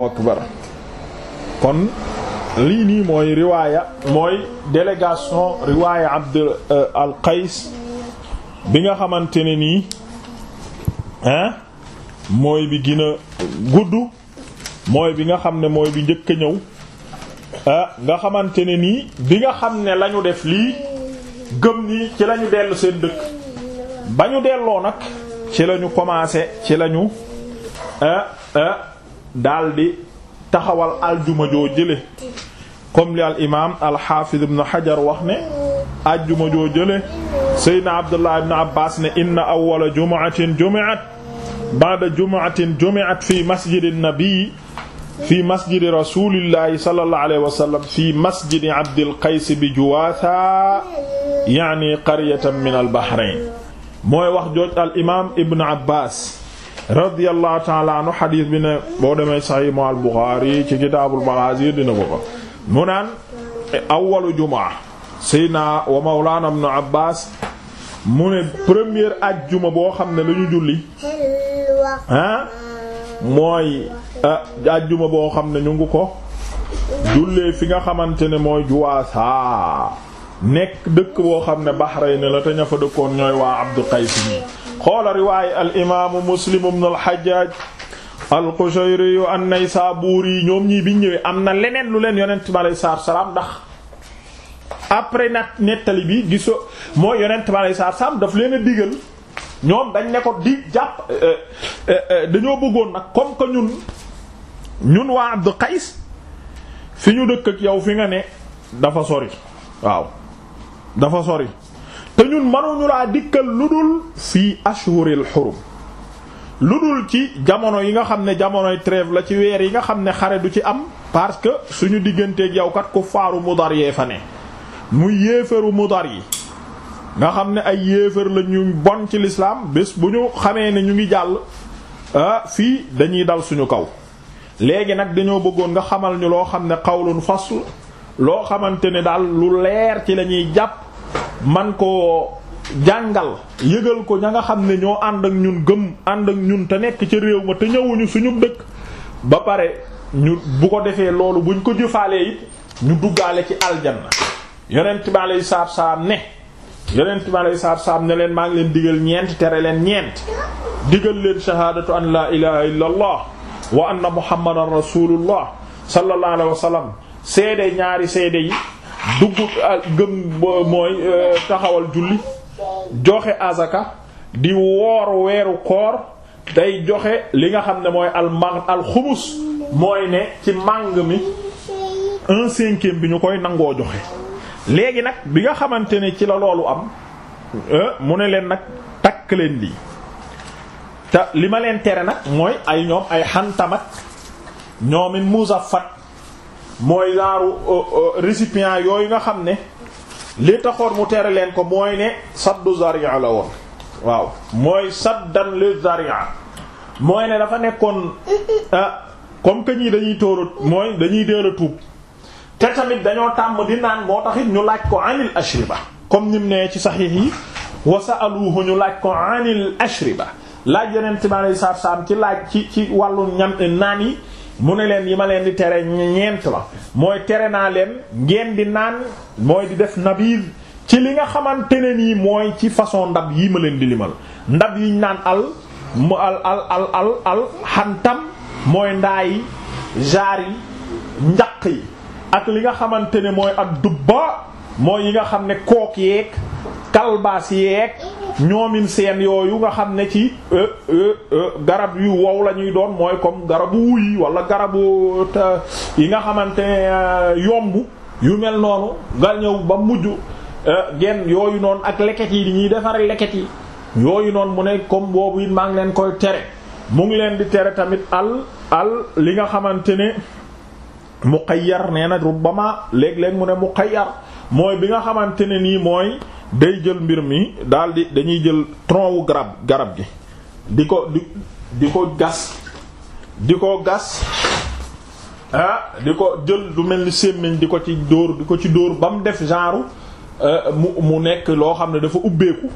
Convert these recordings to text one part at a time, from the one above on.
akbar kon lii nii mooy riwaaya mooy délégation riwaaya Abd euh, al Qays bi nga xamante ne nii mooy bi gina gudd mooy bi nga xam ne mooy bi njëkk ñëw euh, nga xamante ne nii bi nga xam ne lañu def lii gëm nii ci lañu dell seen dëkk ba ñu delloo nag ci lañu commencé ci lañu euh, daldi taxawal aljuma joo jële comme alxaafiz ibn xajar wax ne aljuma joo jële seydna abdullah ibn abbas ne inna awwala jumu'atin jumi'at ba'da jumu'atin jumi'at fi masjidi nabi fi masjidi rasulillahi sallallahu fi masjidi abdil bi juwaasa yaani qaryatan min al bahrain mooy wax jooj al imaam ibn radiyallahu taala anhu xadiis bi ne boo demee saxiix mu al Buxaari ci kitaabul maghaazi dina ko fa mu naan awwalu jumaa seydna wa mawlaana ibnu Abbaas mu ne première ajjuma boo xam ne lañu julli ah mooy ah, ajjuma boo xam ne ñu ngi ko jullee fi nga xamante ne mooy juwaasaa nekk dëkk boo xam ne Bahrayn la te ña fa dëkkoon ñooy waa Abdu Qays xoola riwaaya al imaamu muslim ibn al hajjaj al qushayri an-naysaburi ñoom ñii biñ ñëwee am na leneen lu leen yonent bi alayhi salaatu salaam ndax après nag nettali bi gisoo mooy yonent bi alayhi salaatu salaam daf leen a ñoom dañ ne ko di jàpp euh, euh, euh, dañoo bëggoon nag comme que ñun ñun waa Abdu Qays fi ñu dëkk yow fi nga ne dafa sori waaw dafa sori te ñun mënuñu laa dikkal lu dul fii ashhuril xurum lu dul ci jamono yi nga xam ne jamonoy trêve la ci weer yi nga xam ne xare du ci am parce que suñu digganteeg yow kat ku faaru Mudar yee fa ne muy yéefaru Mudar yi nga xam ne ay yéefar la ñu bon ci lislaam bés bu ñu xamee ne ñu ngi jàll ah fii dañuy dal suñu kaw léegi nag dañoo bëggoon nga xamal ñu loo xam ne xawlun fasl loo xamante ne daal lu leer ci lañuy jàpp man koo jàngal yëgal ko ña nga xam ne ñoo ànd ak ñun gëm ànd ak ñun te nekk ci réew ma te ñëwuñu suñu dëkk ba pare ñu bu ko defee loolu buñ ko jëfaalee it ñu duggaale ci aljanna yonent bi yi salaatu salaam ne yonent bi yi salaatu salaam ne leen maa ngi leen digal ñeenti tere leen ñeent digal leen shahaadatu an laa ilaha illa allah wa anna muhammadan rasulullah sallallahu alayhi wa sallam seede ñaari seede yi dugg ah, gëm mooy euh, taxawal julli joxe azaka di woor weeru koor day joxe li nga xam ne mooy al mooy ne ci màng mi un bi ñu koy nangoo joxe léegi nag bi nga xamante ne ci la loolu am euh, mu ne leen nag takk leen lii te li ma leen tere nag mooy ay ñoom ay xantamak ñoomin musafat mooy genre euh, euh, récipient yooyu nga xam ne li taxoon mu tere leen ko mooy ne saddu zaria la woon waaw mooy saddan li zaria mooy ne dafa nekkoon euh, comme que ñii dañuy tóora mooy dañuy deel a tuub te tamit dañoo tàmm di naan moo taxit ñu laaj ko anil ba comme nim ne ci saxiix yi wa sa'aluhu ñu laaj ko anil ba laaj yeneen timaale saab saab ci laaj ci ci wàllu ñam naan yi mu ne leen yi ma leen di tere ñeent la mooy tere naa leen ngeen di naan mooy di def nabiz ci li nga xamante ne nii mooy ci façon ndab yi ma leen di limal ndab yiñ naan al mu al al al al al xantam mooy ndaa yi jaar yi njaq yi ak li nga xamante ne mooy ak dubba mooy yi nga xam ne kook yeeg kalbaas yeeg ñoomin seen yooyu nga xam ne ci euh, euh, euh, garab yu wow la ñuy doon mooy comme garabu wuy wala garabu yi nga xamante yomb yu mel noonu nga ñëw ba mujj genn yooyu noonu ak leket yi di ñuy defaree leket yi yooyu noonu mu ne comme boobu yi maa ngi leen koy tere mu ngi leen di tere tamit al al li nga xamante ne muqayyar nee na rubbama léeg-léeg mu ne muqayyar mooy bi nga xamante ne nii mooy day jël mbir mi daldi dañuy jël tronc wu garab garab gi di ko di di ko gas di ko gas ah di ko jël lu mel ni sémmiñ di ko ci dóor di ko ci dóor ba mu def genre euh, mu mu nekk loo xam ne dafa ubbeeku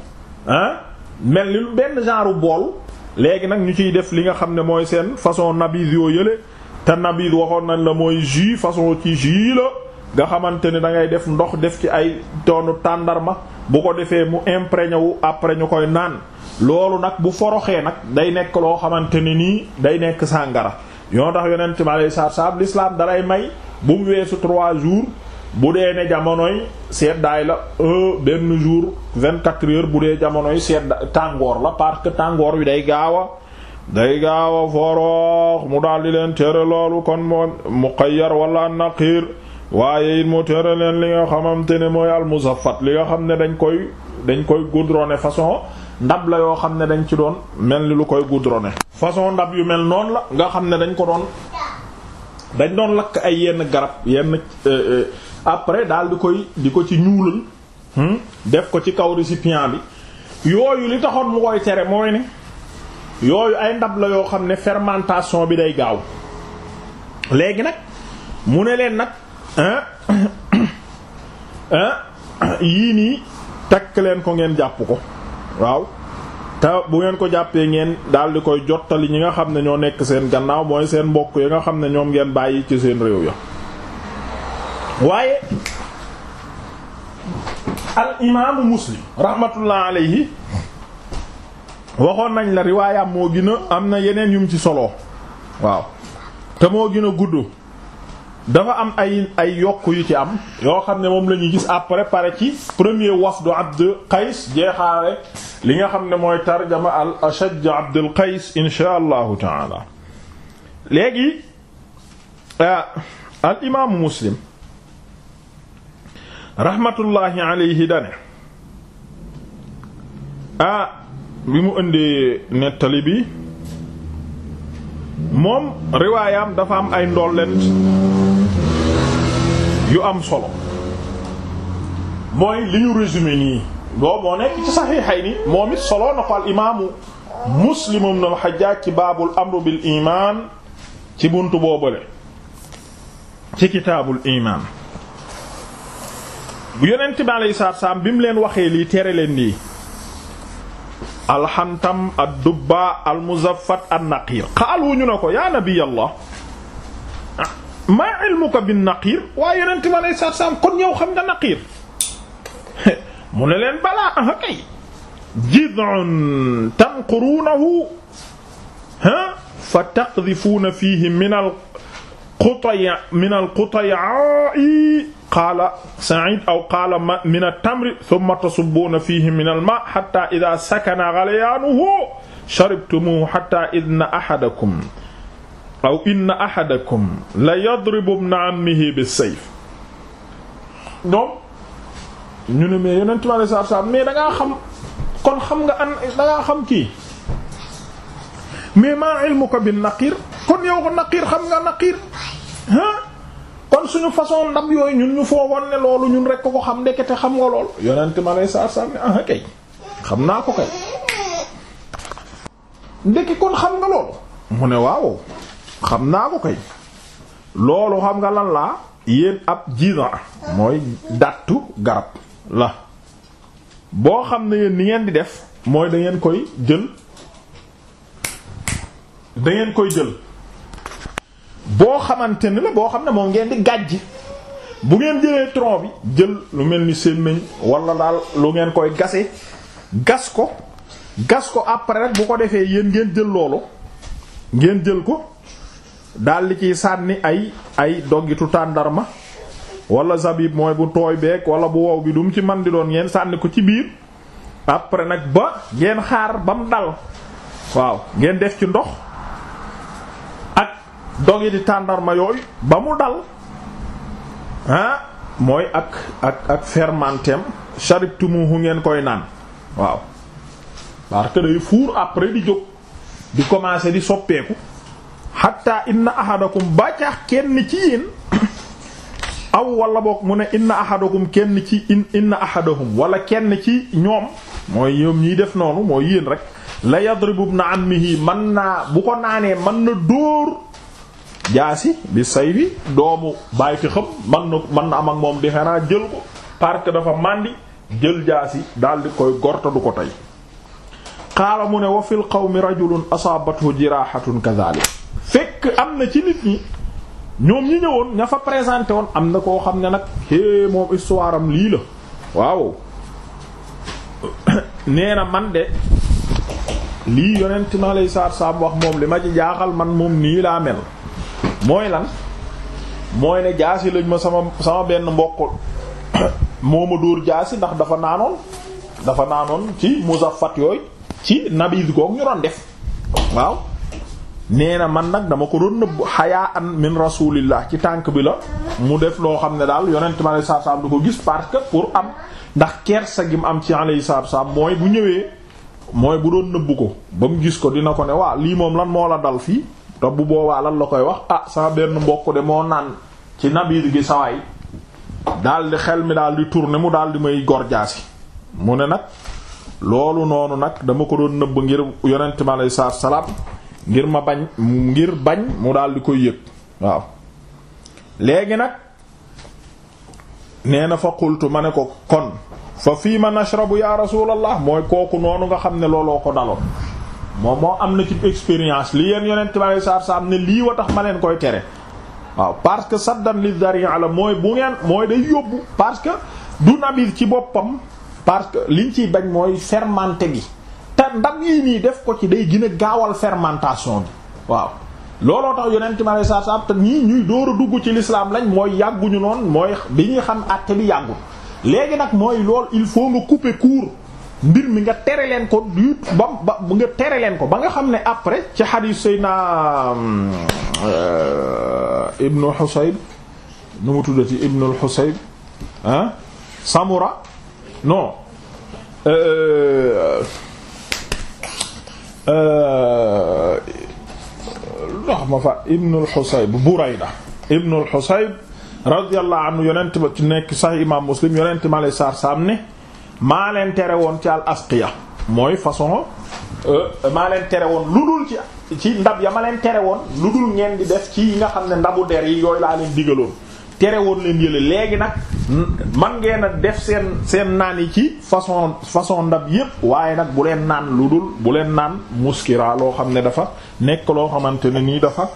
ah mel ni lu benn genre bool léegi nag ñu ciy def li nga xam ne mooy seen façon nabis yoo yële te nabis waxoon nañ la mooy jui façon ci jus la nga xamante ni da ngay def ndox def ci ay toonu tàndarma bu ko defee mu imprégné wu après ñu koy naan loolu nag bu foroxee nag day nekk loo xamante ni nii day nekk sàngara yoo tax yonent mi alayhi salaatu salaam l'islam dalay may bu mu weesu trois jours bu dee ne jamonoy seddaay la benn jour vingt-quatre heures bu dee jamonoy sedd tàngoor la parce que tàngoor wi day gaaw a day gaaw a foroox mu daal di leen tere loolu kon moom muqayyar wala naqiir waaye it mu tere leen li nga xamante ne mooy almuzaffat li nga xam ne dañ koy dañ koy goudronné façon ndab la yoo xam ne dañ ci doon mel ni lu koy goudronné façon ndab yu mel noonu la nga xam ne dañ ko doon dañ doon lakk ay yenn garab yenn euh, euh, après daal di koy di ko ci ñuulal hmm, def ko ci kaw récipient bi yooyu li taxoon mu koy tere mooy ne yooyu ay ndab la yoo xam ne fermentation bi day gaaw léegi nag mu ne leen nag Ah, ah, yii nii takk leen ko ngeen jàpp ko waaw te bu ngeen ko jàppee ngeen daal di koy jottali ñi nga xam ne ñoo nekk seen gannaaw mooy seen mbokk yi nga xam ne ñoom ngeen bàyyi ci seen réew ya waaye al imaamu muslim rahmatullah alayhi waxoon nañ la riwaayam moo gën am na yeneen yum ci solo waaw te moo gën a gudd dafa am ay ay yokk yu ci am yoo xam ne moom la ñuy gis après pare ci premier wafdu Abd Qays jeexaare li nga xam ne mooy tarjama al Ashaj Abdul Qays insha allahu taala léegi euh, al imaamu Muslim rahmatullahi alayhi dane ah bi mu ëndee nettali bi moom riwaayam dafa am ay ndollent yu am solo moy li ñu résumé nii boobu moo nekk ci Sahihayni moom it solo na ko al imaamu Muslim ibn al ci baabul amru bil iman ci buntu boobale ci kitaabul iman bu yonent bi alayhi salaatu salaam bi leen waxee lii tere leen lii alxantam ad-dubba al-muzaffat an-naqir xaalu ñu ne ko yaa nabiyallah ah. maa ilmuka bin naqiir waaye yonent ma lay saat saam kon yow xam nga naqiir mu ne leen balaa aha kay jid'un tanquruunahu ha fa taqdifuuna fiihi min al qutay min al qutayaa'i qaala Sa'iid aw qaala min at-tamri thumma tasubbuuna fiihi min al-maa'i hattaa idhaa sakana ghalyaanuhu sharibtumuuhu hattaa idhna ahadakum aw inna ahadakum la yadribu ibna ammihi bisayf ñoom ñu ne mais yonent mi alayhi salaam mais da ngaa xam kon xam nga an da ngaa xam kii mais maa ilmuka bi naqir kon yow ko naqir xam nga naqir ah kon suñu façon ndam yooyu ñun ñu foogoon ne loolu ñun rek ko ko xam ndekete xam nga lool yonent mi alayhi salaam ne ah kay xam naa ko kay ndeke kon xam nga loolu mu ne waaw xam naa ko kay loolu xam nga lan laa yéen ab jidan mooy dattu garab la boo xam ne yéen ni ngeen di def mooy da ngeen koy jël dangeen koy jël boo xamante ni la boo xam ne moo ngeen di gàjj bu ngeen jëlee tronc bi jël lu mel ni sémmiñ wala daal lu ngeen koy gase gas ko gas ko après rek bu ko defee yéen ngeen jël loolu ngeen jël ko daldi ciy sànni ay ay doggitu tàndarma wala zabib mooy bu tooy beeg wala bu wow bi lu mu ci man di doon ngeen sànni ko ci biir après nag ba ngeen xaar ba mu dal waaw ngeen def ci ndox ak dogiti tàndarma yooyu ba mu dal ah mooy ak ak ak fermentem sharibtumuhu ngeen koy naan waaw parce day fuur après di jóg di commencer di soppeeku xatta inna ahadakum ba ca kenn ci yéen aw wala boog mu ne inna ahadakum kenn ci inna ahadahum wala kenn ci ñoom mooy ñoom ñiy def noonu mooy yéen rek la yadribu ibn ammihi man naa bu ko naanee man na dóor jaasi bi say bi doomu bàyyiti xam man na mën na am ak moom différent jël ko parce dafa màndi jël jaasi daal di koy gorta du ko tey qaala mu ne wa fil qawmi rajulun asaabathu jirahatun kadhalik fekk am na ci nit ñi ñoom ñi ñëwoon ña fa présenté woon am na koo xam ne nag hé moom histoire lii la waaw nee na man de lii yonent ma lay saar saam wax moom li ma ci jaaxal man moom nii laa mel mooy lan mooy ne jaasi lañ ma sama sama benn mbokk moo ma dóor jaasi ndax dafa naanoon dafa naanoon ci musaffat yooyu ci nabiz goog ñu doon def waaw nee na man nag dama ko doon nëbb xayaa an min rasulillah ci tànk bi la mu def loo xam ne daal yonent mi alayhi salaam du ko gis parce que pour am ndax kersa gi mu am ci alayhi salaatu salaam mooy bu ñëwee mooy bu doon nëbb ko ba mu gis ko dina ko ne waa lii moom lan moo la dal fii te bu boobaa lan la koy wax ah sama benn mbokk de moo naan ci nabiir gi sawaay daal di xel mi daal di tourner mu daal di may gorjaasi mu ne nag loolu noonu nag dama ko doon nëbb ngir yonent mi alayhi salaam ngir ma bañ ngir bañ mu daal di koy yëg waaw léegi nag nee na fa ma ne ko kon fa fii ma nashrabu ya rasulallah mooy kooku noonu nga xam ne looloo ko daloon moom moo am na ci expérience li yeen yonent bi sar sa am ne lii wa tax ma leen koy tere waaw parce que saddan li daria mooy bu ngeen mooy day yóbbu parce que du nabir ci boppam parce que liñ ciy bañ mooy fermenter gi nag ndab yi nii def ko ci day gën a gaawal fermentation bi waaw looloo tax yonent mi alei satu salaam te ñii ñuy door a dugg ci lislaam lañ mooy yàgguñu noonu mooy bi ñuy xam àtte bi yàggul léegi nag mooy lool il faut nga couper court mbir mi nga tere leen ko du ba nga tere leen ko ba nga xam ne après ci hadith sayna euh, ibnu Husayb nu mu tuddati ibnu Husayb ah Samura non euh, Euh, ndox ma fa Ibnul Xusayb Burayda Ibnul Xusayb radiyallahu anhu yonent ba ci nekk sax imaam Muslim yonent ma lay saar saam ne maa leen tere woon ci al asqiya mooy façon euh, maa leen tere woon lu dul ci ci ndab yama ma leen tere woon lu dul ngeen di def ci yi nga xam ne ndabu der yi yooyu laa leen digaloon tere woon leen yële léegi nag man ngeen a def seen seen naan yi ci façon façon ndab yëpp waaye nag bu leen naan lu dul bu leen naan muskira loo xam ne dafa nekk loo xamante ne nii dafa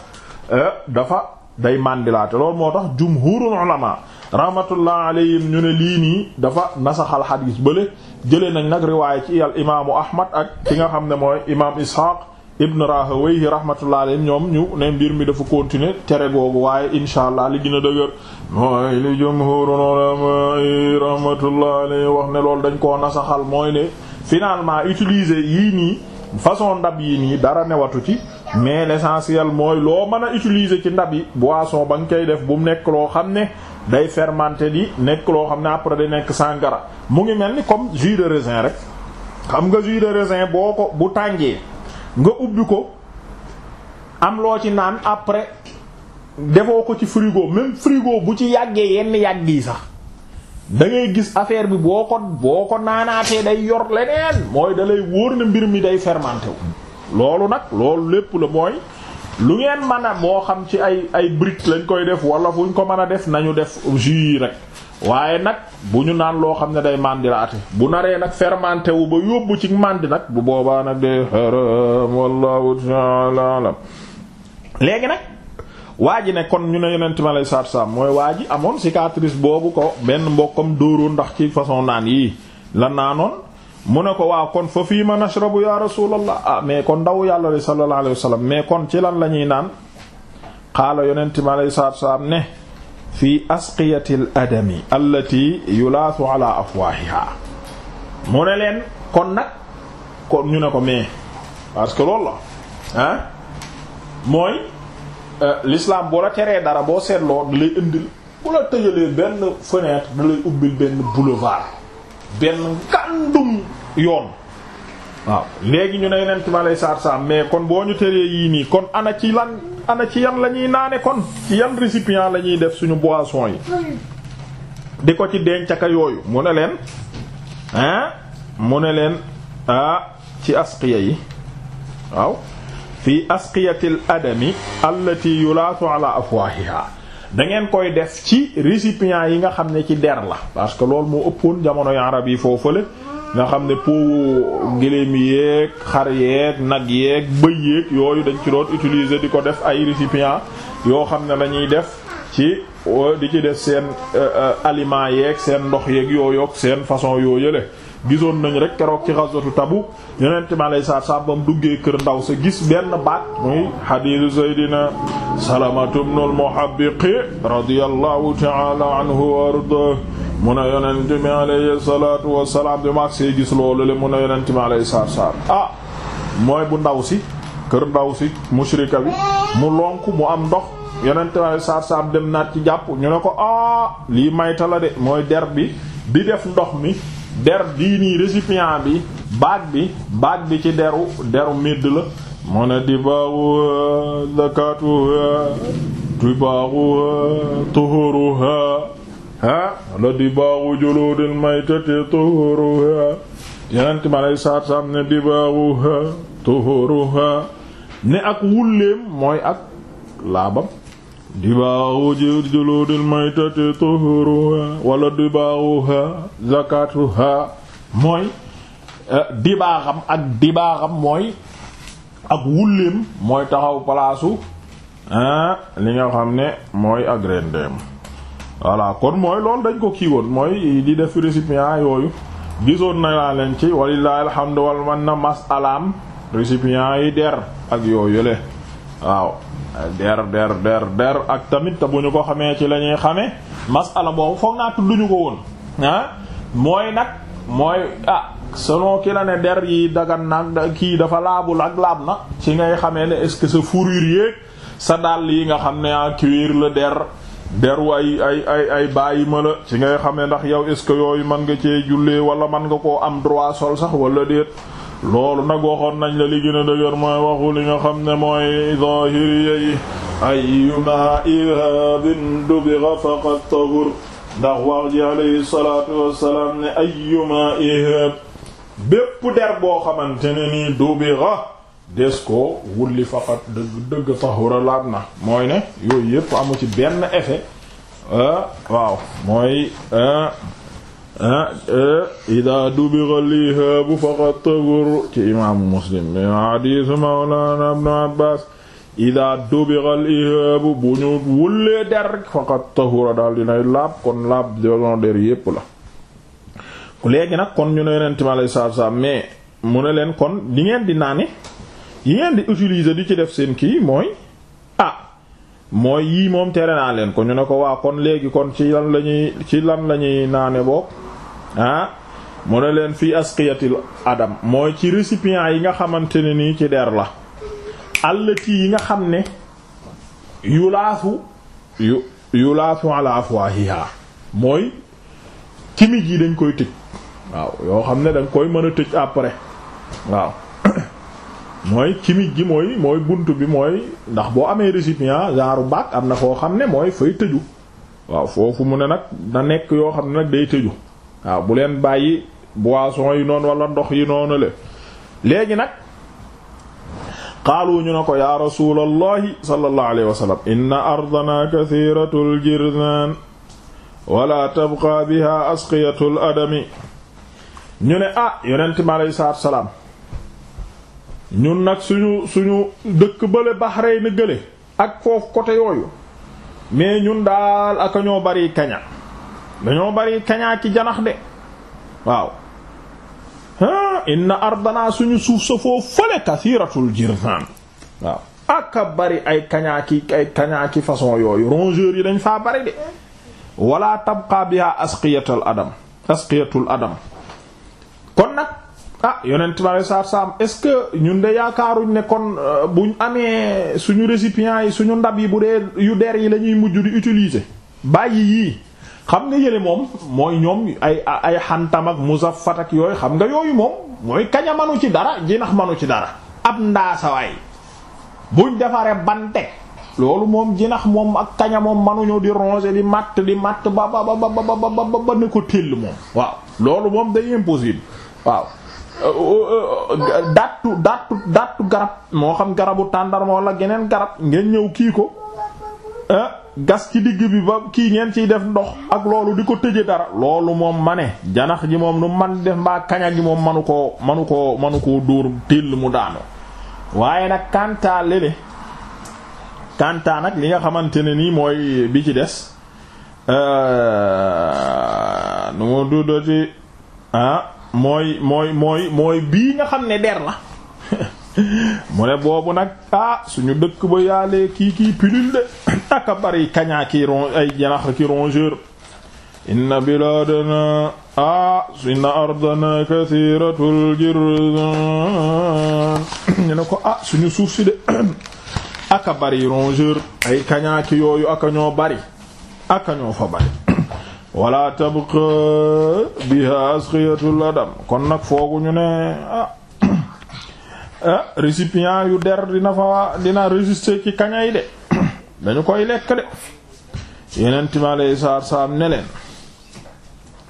euh, dafa day màndilaate loolu moo tax jumhurul ulama rahmatullah alayhim ñu ne lii nii dafa nasaxal xadiis bële jëlee nañ nag riwaaya ci al imaamu ahmad ak ki nga xam ne mooy imaam ishaq ibn rahawayhi rahmatullah alayhi ñoom ñu ne mbir mi dafa continuer tere googu waaye insha allah li gën a dëgër mooy li jumhurul ulama rahmatullah alayhi wax ne loolu dañ koo nasaxal mooy ne finalement utiliser yii nii façon ndab yii nii dara newatu ci mais l'essentiel mooy loo mën a utiliser ci ndab yi boisson ba nga koy def bu mu nekk loo xam ne day fermenté di nekk loo xam ne après day nekk sangara mu ngi mel ni comme jus de raisin rek xam nga jus de boo ko bu tàngee nga ubbi ko am loo ci naan après defoo ko ci frigo même frigo bu ci yàggee yenn yàgg yi sax da gis affaire bi boo ko boo ko naanaatee day yor leneen mooy dalay wóor na mbir mi day fermenté wu. loolu nag loolu lépp la mooy lu ngeen mën a moo xam ci ay ay brique lañ koy def wala fu ko mën a def nañu def jus rek. waaye nag bu ñu naan loo xam ne day màndilaate bu naree nag fermenté wu ba yóbbu ci màndi nag bu boobaa nag de haram wallahu ta'ala alam léegi nag waa ji ne kon ñu ne yonent ma lay saat-saam mooy waa ji amoon cicatrice boobu ko benn mbokkam dóoroon ndax ci façon naan yii la naanoon mu ne ko waaw kon fa fii ma nashrabu ya rasulallah a ah mais kon ndaw yàlla li sallallahu alayhi wa mais kon ci lan la ñuy naan xaala yonent ma lay saat-saam ne fi asqiyati al adami allati yulaasu ala afwaahiha mu ne leen kon nag kon ñu ne ko mais parce que loolu la ah mooy euh, l'islam boo la teree dara boo seetloo da indil bu la tëjalee benn fenêtre da ubbil benn boulevard benn ngàndum yoon waaw léegi ñu ne yeneen ci ma saar saam mais kon boo ñu teree yii nii kon ana ci lan ana ci yan la ñuy naane kon ci yan récipient la ñuy def suñu boisson yi di ko ci denc dencaka yooyu mu ne leen hein mu ne leen ah ci asqiya yi waaw fi asqiyatil adami allati yulaatu ala afwahiha da ngeen koy def ci récipients yi nga xam ne ci der la parce que loolu moo ëppoon jamono yu arab yi foofale nga xam ne poowu gëléem yeeg xar yeeg nag yeeg bëy yeeg yooyu dañ ci doon utiliser di ko def ay récipients yoo xam ne la def ci di ci def seen euh, euh, aliments yeeg seen ndox yeeg yooyoog seen façon yoo yële gisoon nañu rek keroog ci ghazwatu Tabuk yonent mi alayhi salaatu salaam ba duggee kër ndaw sa gis benn baat muy hadiisu Seydina Salamatu ibnul Muhabbiqi radiyallahu ta'ala anhu wa ardaahu mu ne yonent mi alayhi salaatu wassalaam bi ma see gis loolu le mu ne yonent mi alayhi salaatu wassalaam ah mooy bu ndaw si kër ndaw si mushrika bi mu lonk mu am ndox yonent mi alayhi salaatu wassalaam dem naat ci jàpp ñu ne ko ah lii mayta la de mooy der bi bi def ndox mi der dii nii bi baag bi baag bi ci deru deru médd la mu ne di baaxu zakatuha di baaxu tuhuruha ah la dibaaru juluudil maytati tuhuruha yenent ma lay saat-saam ne dibaaruha tuhuruha ne ak wulleem mooy ak laabam dibaaru juluudil maytati tuhuruha wala dibaaruha zakatuha mooy eh, dibaaxam ak dibaaxam mooy ak wulleem mooy taxaw palaasu ah li nga xam ne mooy ak rendeem voilà kon mooy loolu dañ ko kii woon mooy di def récipient yooyu gisoon na laa leen ci walilahi alhamdu wal man na mas alam récipient yi der ak yooyu le waaw der der der der ak tamit te bu ñu ko xamee ci la ñuy xamee masala boobu foog naa tudduñu ko woon ah mooy nag mooy ah selon ki la ne der yi dagan nag kii dafa laabul ak laab na ci ngay xamee ne est-ce que sa fourrure yéeg sa dàll yi nga xam ne en ah, cuir la der deru ay ay ay ay bàyyi ma la ci ngay xam ndax yow est ce que yooyu mën nga cee jullee wala mën nga koo am droit sol sax wala déet loolu nag waxoon nañ la li gën a dëgër mooy waxu li nga xam ne mooy zahiriya yi ayyuma ihabin dubigha faqad tahur ndax wax ji alayhi bépp der boo xamante ne nii dubigha des ko wulli faqat dëgg dëgg tahura laat na mooy ne yooyu yépp amu ci benn effet euh, waaw mooy euh, euh, ida dubira lihaabu faqat tahur ci imaamu muslim mi hadiisu mawlaana ibnu abbaas ida dubira lihaabu bu ñu wullee der faqat tahura daal dinay laab kon laab doon der yépp la léegi nag kon ñu ne yonent mi alayhi salaatu mais mu ne leen kon li ngeen di naane yi ngeen di utilise di ci def seen kii mooy ah mooy yii moom tere naa leen ko ñu ne ko waa kon léegi kon ci lan la ñuy ci lan la naane boog ah mu ne leen fii asqiyatil adam mooy ci récipient yi nga xamante ne nii ci der la allati yi nga xam ne yulaafu yu yulaafu ala afwahiha mooy kimij yi dañ koy tëj waaw yoo xam ne dañ koy mën a tëj après waaw mooy chimique gi mooy mooy bunt bi mooy ndax boo amee récipient genre bac am na foo xam ne mooy fay tëju waaw foofu mu ne nag na nekk yoo xam ne nag day tëju waaw bu leen bàyyi boisson yi noonu walla ndox yi noonu la léegi nag qaalu ñu ne ko ya rasulallahi sallallahu alayhi wa sallam inna ardana kathiratul jirdan wala tabqa biha asqiyatul adami ñu ne ah yonent mi alayhi salaatu salaam ñun nag suñu suñu dëkk bële baxarey na gële ak foofu côté yooyu mais ñun daal aka ñoo bari kaña dañoo bari kañaa ci janax de waaw inna ardanaa suñu suuf sa foofu fële kasiratul aka bari ay kañaa kañaa ki façon yooyu rongeurs yi dañ faa bari de wala tabqa biha asqiyatul adam asqiyatul adam ah yonent ma saar saam est-ce que ñun de yaakaaruñ ne kon buñ amee suñu récipients yi suñu ndab yi bu dee yu der yi lañuy mujj di utiliser bàyyi yii xam nga yële moom mooy ñoom ay ay xantam ak muzaffat ak yooyu xam nga yooyu moom mooy kaña manu ci dara jinax manu ci dara ab ndaasawaay buñ defaree bante loolu moom jinax moom ak kaña moom manuñu di ronger di matt di matt ba ba ba ba ba ba ba ne téll moom waaw loolu moom day impossible waaw Euh, euh, dattu dattu dattu garab moo xam garabu tàndarma wala geneen garab ngeen ñëw kii ko gas ci digg bi ba kii ngeen ciy def ndox ak loolu di ko tëje dara loolu moom mane janax ji moom nu man def mbaa kaña gi moom manu koo manu koo manu koo dóor téll mu daanu waaye nag kantaa lele kantaa nag li nga xamante ne nii mooy bi ci des euh, nu mu duddati ah mooy mooy mooy mooy bii nga xam ne der na mu ne boobu nag ah suñu dëkk ba yaalee kii kii pilule de aka bari kañaa ki ay janax ki rongeur inna bilaadana ah inna ardana kathiratul jirdan ñu ne ko ah suñu suuf si de aka bari rongeur ay kañaa yooyu aka ñoo bari aka ñoo fa bari wala tabqa biha asqiyatul adam kon nag fooguñu ne ah, ah récipient yu der dina fa dina résister ci kañay de dañu koy lekk de yeneen timalay saar saam ne leen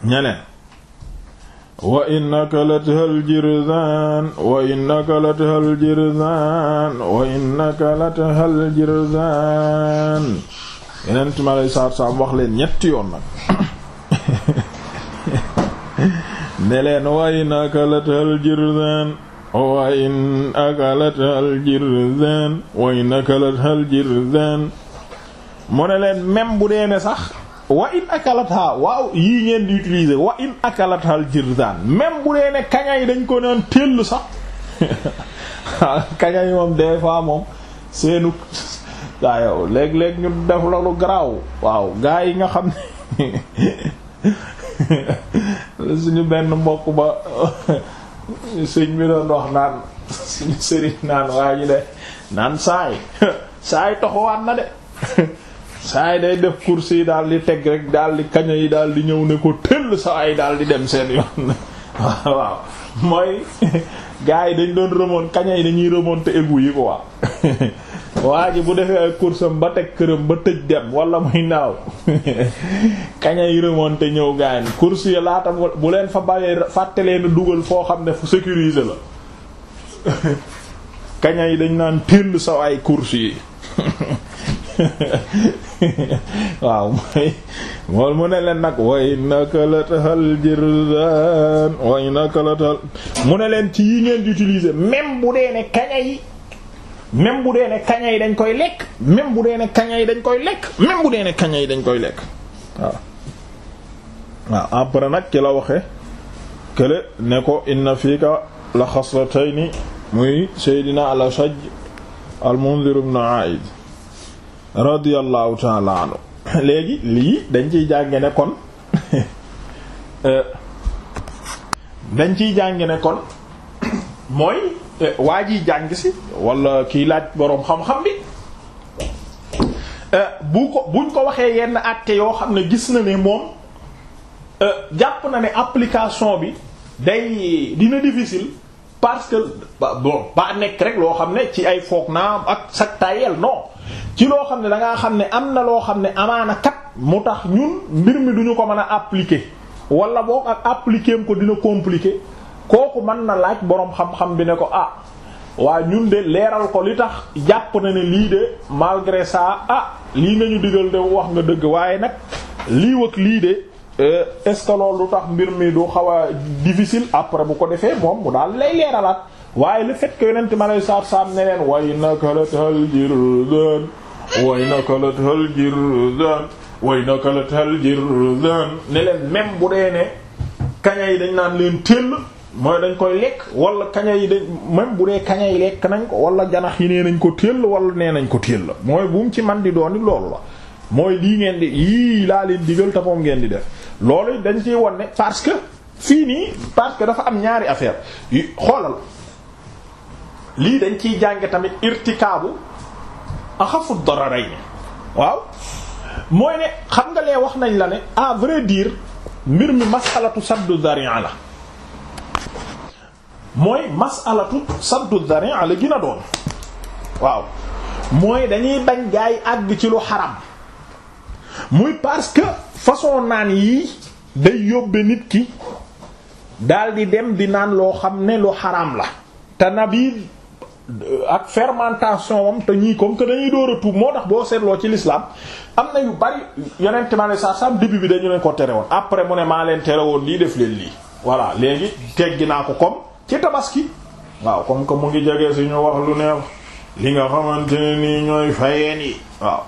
ñe leen wa innaka latahal wa innaka latahal jirzan wa yeneen timalay saar saam wax leen ñetti yoon nag ne leen wa in akalatal jirzaan wa in akalatal jirzaan wa in akalatal jirzaan mu ne leen même bu dee ne sax wa in akalatha waaw yii ngeen di utiliser wa in akalatal jirzaan même bu dee ne kaña yi dañ ko noon tell sax kaña yi moom des fois seenu gaa yow ñu def la lu garaaw waaw gaa yi nga xam ne suñu benn mbokk ba sëñ bi doon wax naan suñu sëriñ naan waa ji de naan saay saay toxuwaat na de saay day def course yi daal di teg rek daal di kaña yi daal di ñëw ne ko tëll sa ay daal dem seen yoon waaw mooy gars yi dañ doon remonter kaña yi dañuy remonter égout yi quoi waa ji bu defee ay kursam ba teg këram ba tëj dem walla muy yi kañay remonté ñëw gaañ course yi laata bu leen fa bàyyee fàtte leen dugal foo xam ne fu sécurisé la kaña yi dañ naan till saw ay course yi waaw mooy mool mu ne leen nag way naka la taxal jirdan way naka mu ne leen ci yi ngeen di utiliser même bu dee ne kaña yi même bu dee ne kaña yi dañ koy lekk même bu dee ne kaña yi dañ koy lekk même bu dee ne kaña yi dañ koy lekk waaw waaw nag ki la waxe kële ne ko inna fiika la xaslatayni muy seydina al ashaj al mundir ibn a'id radiyallahu ta'ala anhu léegi lii dañ ciy jànge ne kon euh, dañ ciy jànge ne kon mooy Eh, waa ji jàng si wala kiy laaj boroom xam-xam bi eh, bu ko buñ ko waxee yenn àtte yoo xam ne gis na ne moom eh, jàpp na ne application bi day dina difficile parce que bon ba nekk rek loo xam ne ci ay foog naa ak sak tayel non ci loo xam ne da xam ne am na loo xam ne amaana kat mu tax ñun mbir mi duñu ko mën a appliquer wala boo ak appliquer ko dina compliquer kooku man na laaj boroom xam-xam bi ne ko ah waa ñun de leeral ko li tax jàpp na ne lii de malgré ça ah lii nga ñu digal de wax nga dëgg waaye nag lii wëg lii de euh, est-ce lu tax mbir mi du xaw a difficile après bu ko defee moom mu daal lay leeralaat waaye le fekk que yonent ma lay saat saam ne leen way nakalatal jirdan way nakalatal jirdan way nakalatal jirdan ne leen même bu dee ne kaña yi dañ naan leen tëll mooy dañ koy lekk wala kaña yi dañ même bu dee kaña yi lekk nañ ko wala janax yi nee nañ ko téel wala nee nañ ko téel la mooy bu ci man di dooni loolu la mooy lii ngeen di yii laa leen digal te moom ngeen di def loolu dañ ciy won parce que fii nii parce que dafa am ñaari affaire xoolal lii dañ ciy jànge tamit irtikaabu axafu dararayn waaw mooy ne xam nga lee wax nañ la ne à vrai dire mbir mi masalatu saddu zari'a la mooy masalatu saddu dharin ala la a doon waaw mooy dañuy bañ gaay yi àgg ci lu xaram muy parce que façon naan yii day yóbbe nit ki daal di dem di naan loo xam ne lu xaram la te na bi ak fermentation wam te ñii comme que dañuy door moo tax boo seetloo ci l'islam am na yu bari yonent ma sa sam début bi dañu leen ko tere woon après mu ne maa leen tere woon lii def leen lii voilà léegi teggi naa ko comme ci tabaski waaw comme que mu ngi jege si ñu wax lu neex li nga xamante ne nii ñooy fayeen yi waaw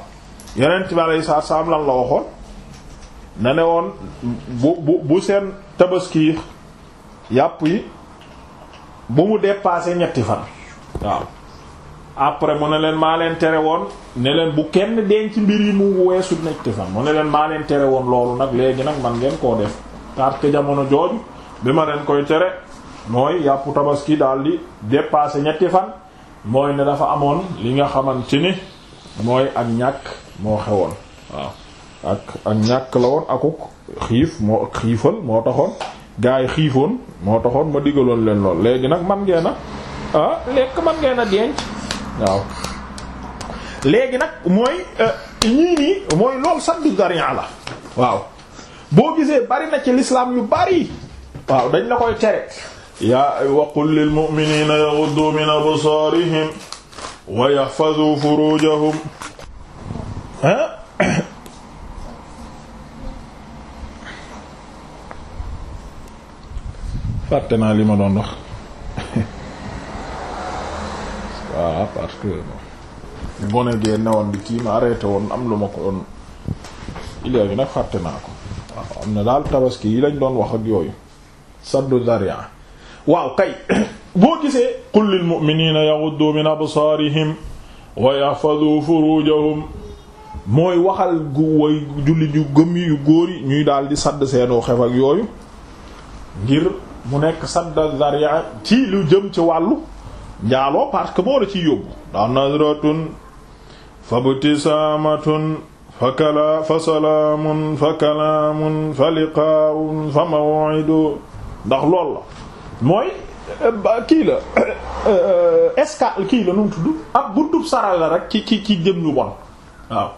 yonent bi alayhi salaatu salaam lan la waxoon na ne woon bu bu bu seen tabaski yi yàpp yi bu mu dépassé ñetti fan waaw après mu ne leen maa leen tere woon ne leen bu kenn denc mbir yi mu weesu ñetti fan mu ne leen maa leen tere woon loolu nag léegi nag man ngeen koo def parce que jamono jooju bi ma leen koy tere mooy yàppu tabaski daal di dépassé ñetti fan mooy ne dafa amoon li nga xaman ci ni mooy ak ñàkk moo xewoon waaw ak ak ñàkk la woon akuk xiif moo ak moo taxoon gaa yi xiifoon moo taxoon ma digaloon leen lool léegi nag man ngeen a ah lekk man ngeen a denc waaw léegi nag mooy eh, ñii nii mooy loolu saddu garian la waaw boo gisee bari na ci l'islam yu bari waaw dañ la koy tere yaa waqul lil mu'miniina yaghuddu min absaarihim wa yahfazuu furuujahum fàtte naa li ma doon waaw parce que gone gee newoon bi kii ma arrêté woon am lu ma ko doon ilaa yi nag fàtte naa ko am na daal tabaski yi lañ doon wax ak yooyu saddu dariya waaw kay boo gisee qul lil mu'minina yaghuddu min absaarihim wa yahfadhu furujahum mooy waxal way julli yu gëm yu góor ñuy daal di sadd seenoo xef ak yooyu ngir mu nekk sadda zaria ci lu jëm ci wàllu njaaloo parce que moo la yóbbu daa nazratun fa btisaamatun fa kala fa salaamun fa kalaamun ndax lool la mooy euh, kii la euh, escale kii la nu mu tudd ab buntub saral la rek ci ci ci jëm ñu bon waaw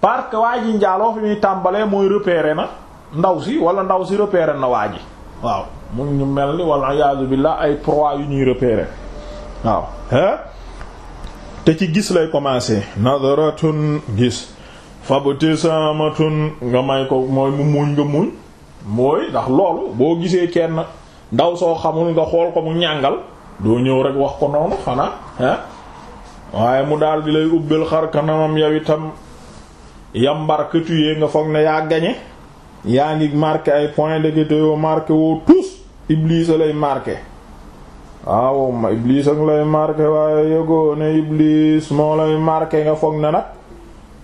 parce que waa ji njaaloo fi muy tàmbalee mooy repérer na ndaw si wala ndaw si repérer na waa ji waaw mu ñu mel ni wala iyaazu billah ay proies yu ñuy repérer waaw te ci gis lay commencer nadaratun gis fabtisamatun nga may ko mooy mu muñ nga muñ mooy ndax loolu boo gisee kenn ndaw soo xamul nga xool ko mu ñàngal doo ñëw rek wax ko noonu xanaa ah waaye mu daal di lay ubbil xar kanamam yow itam yambar këtuyee nga foog na yaa gañe yaa ngi marqué ay point de te yoo marqué woo tous Iblis lay marqué waaye yëgoo ne Iblis moo lay marqué nga foog na nag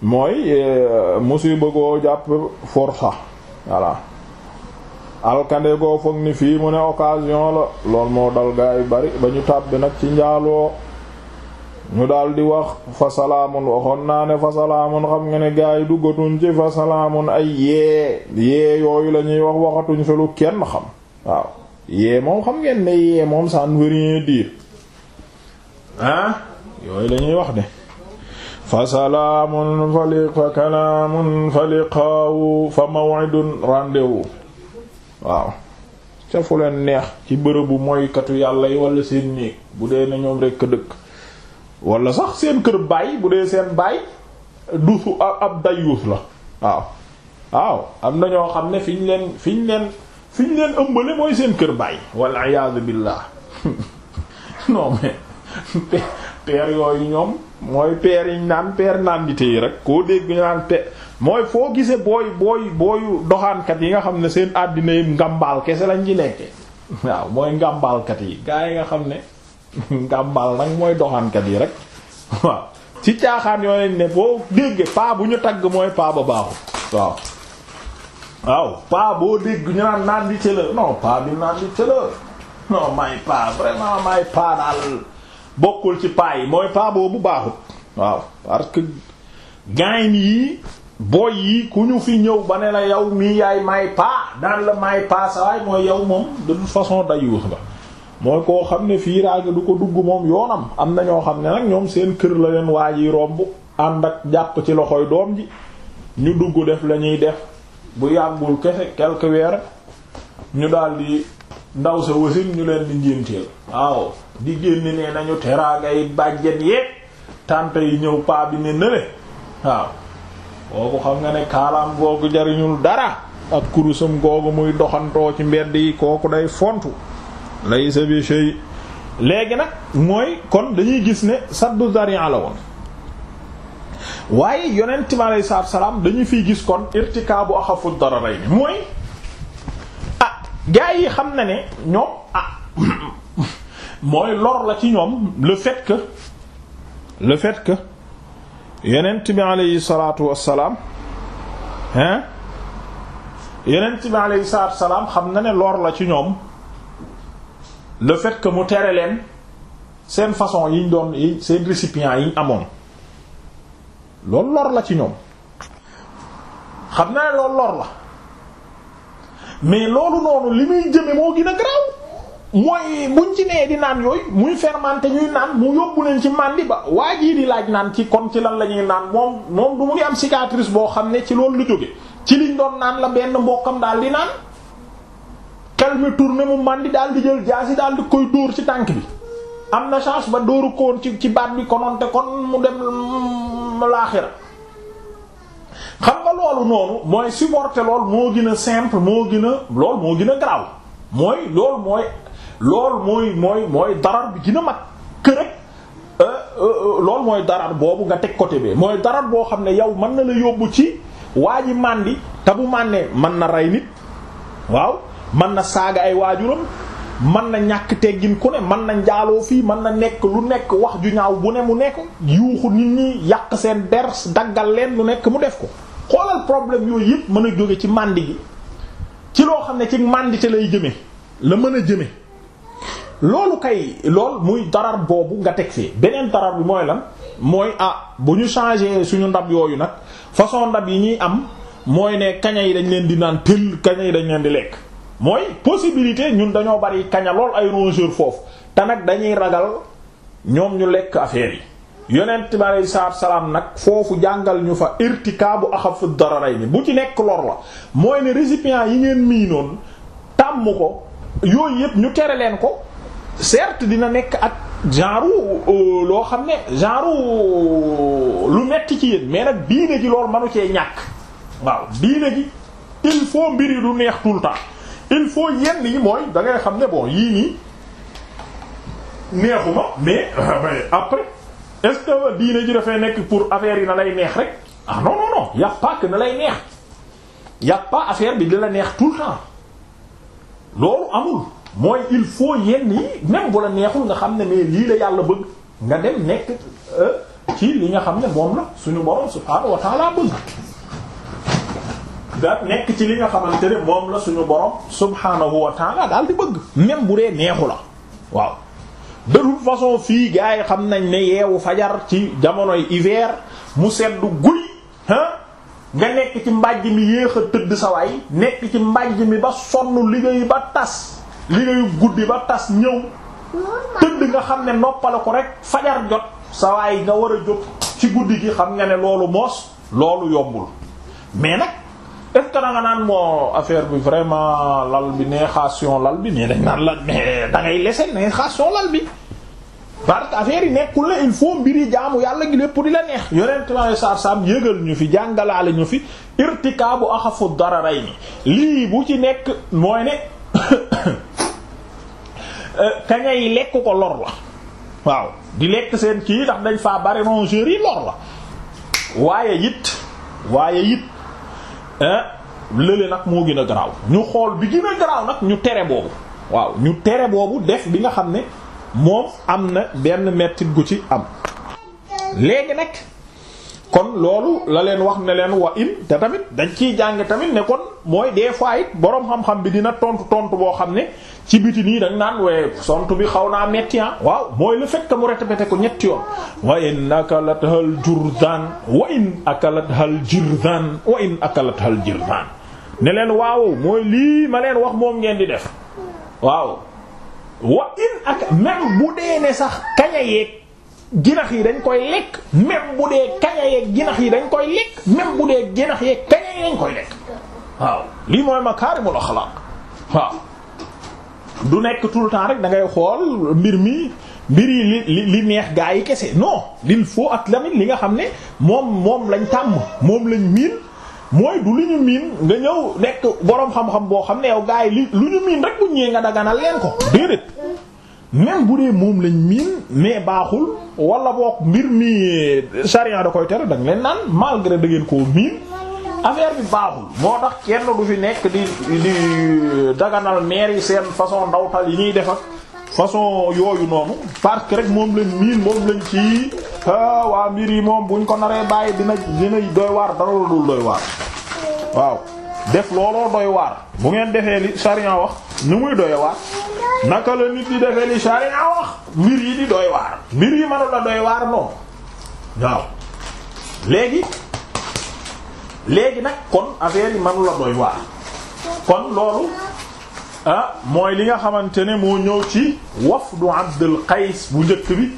mooy eh, musiba goo jàpp força voilà alkande goo foog ni fii mu ne occasion la lool moo dal gaay bari ba ñu tàbbi nag ci njaaloo ñu daldi wax fa salaamun waxoon naa ne fa salaamun xam nga ne gaay duggatuñ ci fa salaamun ay yee yooyu la wax waxatuñ fi lu kenn xam waaw yee moom xam ngeen ne yee moom ça ne veut rien yooyu la wax de fa salaamun fa li fa kalaamun fa liqaawu fa maw'idun rendez-vous waaw ca fu leen neex ci bërëbu mooykatu yàlla yi walla seen néeg bu dee na ñoom rekk dëkk wala sax seen kër baay bu dee seen baay dusu ab dayuus la waaw waaw am na ñoo xam ne fi ñu leen fi ñu leen fi ñu ëmbale mooy seen kër baay walla iyaadu billah non mais peer yooyu ñoom mooy peer yi naan peer nandite yi rek koo dégg ñu naan peer mooy foo gisee booy booy booyu doxaankat yi nga xam ne seen àddina yi ngàmbaal kese lañ ci nekke waaw mooy ngàmbaalkat yi gaa yi nga xam ne ngàmbaal nag mooy doxaankat yi rek waaw ci caaxaan yoo leen ne boo dégg paa bu ñu tagg mooy paa ba baaxul waaw paa boo dégg ñu naan naan di tëla paa bi naan di tëla non paa vraiment may paa daal bokkul ci paa yi mooy paa boobu baaxut waaw parce que gain yi boy yi ku ñu fi ñëw ba ne la yow mii yaay may paa daan la may paa sawaay mooy yow moom de façon dayuus la mooy koo xam ne fii raage du ko dugg moom yoonam am na ñoo xam ne nag ñoom seen kër la leen waa yi romb ànd ak jàpp ci loxoy doom ji ñu dugg def la def bu yàggul kese quelque weer ñu daldi ndaw sa wasin ñu leen di njénteel waaw di génn ne nañu teraangay bàjjen yeeg tànta yi ñëw paa bi ne nële waaw boobu xam nga ne kaalaam googu jariñul dara ak kurusam googu muy doxantoo ci mbedd yi kooku day fontu lay bi sey léegi nag mooy kon dañuy gis ne saddu zari'a la woon waaye yonent bi aleyhi salaam dañu fiy gis kon irtikaabu axafu dararayni mooy ah gaa yi xam na ne ñoom ah mooy lor la ci ñoom le fait que le fait que yonent bi aleyhi salaatu salaam hein yonent bi aleyhi salaatu wassalaam xam na ne lor la ci ñoom le fait que mu tere leen seen façon yiñ doon yi seen récipient yiñ amoon loolu lor la ci ñoom xam na ne loolu lor la mais loolu noonu li muy jëme moo gën a graw mooy buñ ci nee di naan yooyu muy fermenté ñuy naan mu yóbbu leen ci màndi ba waa jii di laaj naan ci kon ci lan la ñuy naan moom moom du mu ngi am cicatrice boo xam ne ci loolu lu jóge ci liñ doon naan la benn mbokkam daal di naan xel mi tourné mu màndi daal di jël jaasi daal di koy dóor ci tànk bi am na chance ba dóoru koon ci ci baat bi kononte kon mu dem laaxira xam nga loolu noonu mooy supporter lool moo gën a simple moo gën a lool moo gën a grave mooy loolu mooy lool mooy mooy mooy darar bi gën a mag kër rek euh, euh, loolu mooy darar boobu nga teg côté bi mooy darar boo xam ne yow mën na la yóbbu ci waa ji màndi te bu màndee mën na rey nit waaw mën na saaga ay waajuram mën na ñàkk teggin ku mën na njaaloo fii mën na nekk lu nekk wax ju ñaaw bu ne mu nekk yuuxu nit ñi yàq seen der daggal leen lu nekk mu def ko xoolal problème yooyu yëpp mën a jóge ci màndi gi ci loo xam ne ci màndite lay jëme la mën a jëme loolu kay lool muy darar boobu nga teg fee beneen darar bi mooy lan mooy a ah, bu ñu changé suñu ndab yooyu nag façon ndab yi ñuy am mooy ne kaña yi dañ leen di naan tël kaña yi dañ leen di lekk mooy possibilité ñun dañoo bari kaña lool ay rongeur foofu te nag dañuy ragal ñoom ñu lekk affaire yi yonent bi aleyhi salaam nag foofu jàngal ñu fa irtikaabu axaf dararay ni bu ci nekk lor la mooy ne récipient yi ngeen mii noonu tàmm ko yooyu yëpp ñu tere leen ko certes dina nekk ak genre loo xam ne genre lu metti ci yéen mais nag diine ji loolu manu cee ñàkk waaw diine ji il faut mbir yi du neex tout temps il faut yenn yi mooy da xam ne bon yii nii neexuma mais après est-ce que diine ji dafay nekk pour affaire yi na lay neex rek ah non non non y a pas que na lay neex y a affaire bi di la neex tout le temps loolu amul. mooy il faut yenn yi même la neexul nga xam ne mais lii la yàlla bëgg nga dem nekk euh, ci li nga xam ne moom la suñu borom subhaanahu wa bëgg da nekk ci li nga xamante ne moom la suñu borom subhaanahu wa taala daal di bëgg même bu dee neexu la waaw de façon fii gars yi xam nañ ne yeewu fajar ci jamonoy hiver mu seddu guy ah nga nekk ci mbàjj mi yéex a tëdd sawaay nekk ci mbàjj mi ba sonn liggéey ba tas li liggéeyu guddi ba tas ñëw tëdd nga xam ne noppale ko rek fajar jot sa nga war a jóg ci guddi gi xam nga ne loolu moos loolu yombul mais nag est-ce nga naan moo affaire bi vraiment lal bi neexation lal bi mais dañ naan la mais da lal bi parce que affaire yi nekkul la il faut mbiri jaamu yàlla gi lépp di la neex yonent lay saar saam yëgal ñu fi jàngalaale ñu fi irtikaabu axafu dararay ni lii bu ci nekk mooy ne Euh, kañay lekk ko lor la waaw di lekk seen kii ndax dañ faa bari rongeurs yi lor la waaye it waaye it lële nag moo gën a garaaw ñu xool bi gën a garaaw nag ñu tere boobu waaw ñu tere boobu def bi nga xam ne moom am na benn mettit gu ci am léegi nag kon loolu la leen wax ne leen wa in te tamit dañ ciy jàng tamit ne kon mooy des fois it boroom xam-xam bi dina tontu tontu boo xam ne ci biti nii dañ naan waaye tontu bi xaw naa metti ah. waaw mooy le fait que mu ko ñetti yoon wa in akalat hal jurdan wa in akalat hal jirdan wa in akalat hal leen waaw mooy lii ma leen wax moom ngeen di def waaw wa in ak même bu dee ne sax kaña yeeg ginax yi dañ koy lekk même bu dee kaña yeeg ginax yi dañ koy lekk même bu dee ginax yeeg kaña yi dañ koy lekk waaw lii mooy makaarimul axlaaq waaw du nekk tout le temps rek da xool mbir mi mbir yi li li neex gaa yi kese non il faut ak lamit li nga xam ne moom moom lañ tàmm moom lañ miin mooy du lu ñu miin nga ñëw nekk boroom xam-xam boo xam ne yow gaa yi lu ñu miin rek bu ñëwee nga daganal leen ko déedéet même bu dee moom lañ miin mais baaxul wala boog mbir mi charia da koy tere da nga leen naan malgré da koo miin affaire bi baaxul. moo tax kenn du fi nekk di di daganal maire yi seen façon ndawtal yi ñuy def façon yooyu noonu parce que rek moom lañ miin moom lañ ci ah waa mbir yi moom buñ ko naree bàyyi dina dina doy waar dara dul doy waar waaw. def looloo doy waar bu ngeen defee li sharia wax nu muy doy waar naka la nit di defee li sharia wax mbir yi di doy waar mbir yi mënu la doy waar noonu waaw léegi léegi nag kon affaire yi mënu la doy waar kon loolu ah mooy li nga xamante ne moo ñëw ci wafdu Abdul Qays bu njëkk bi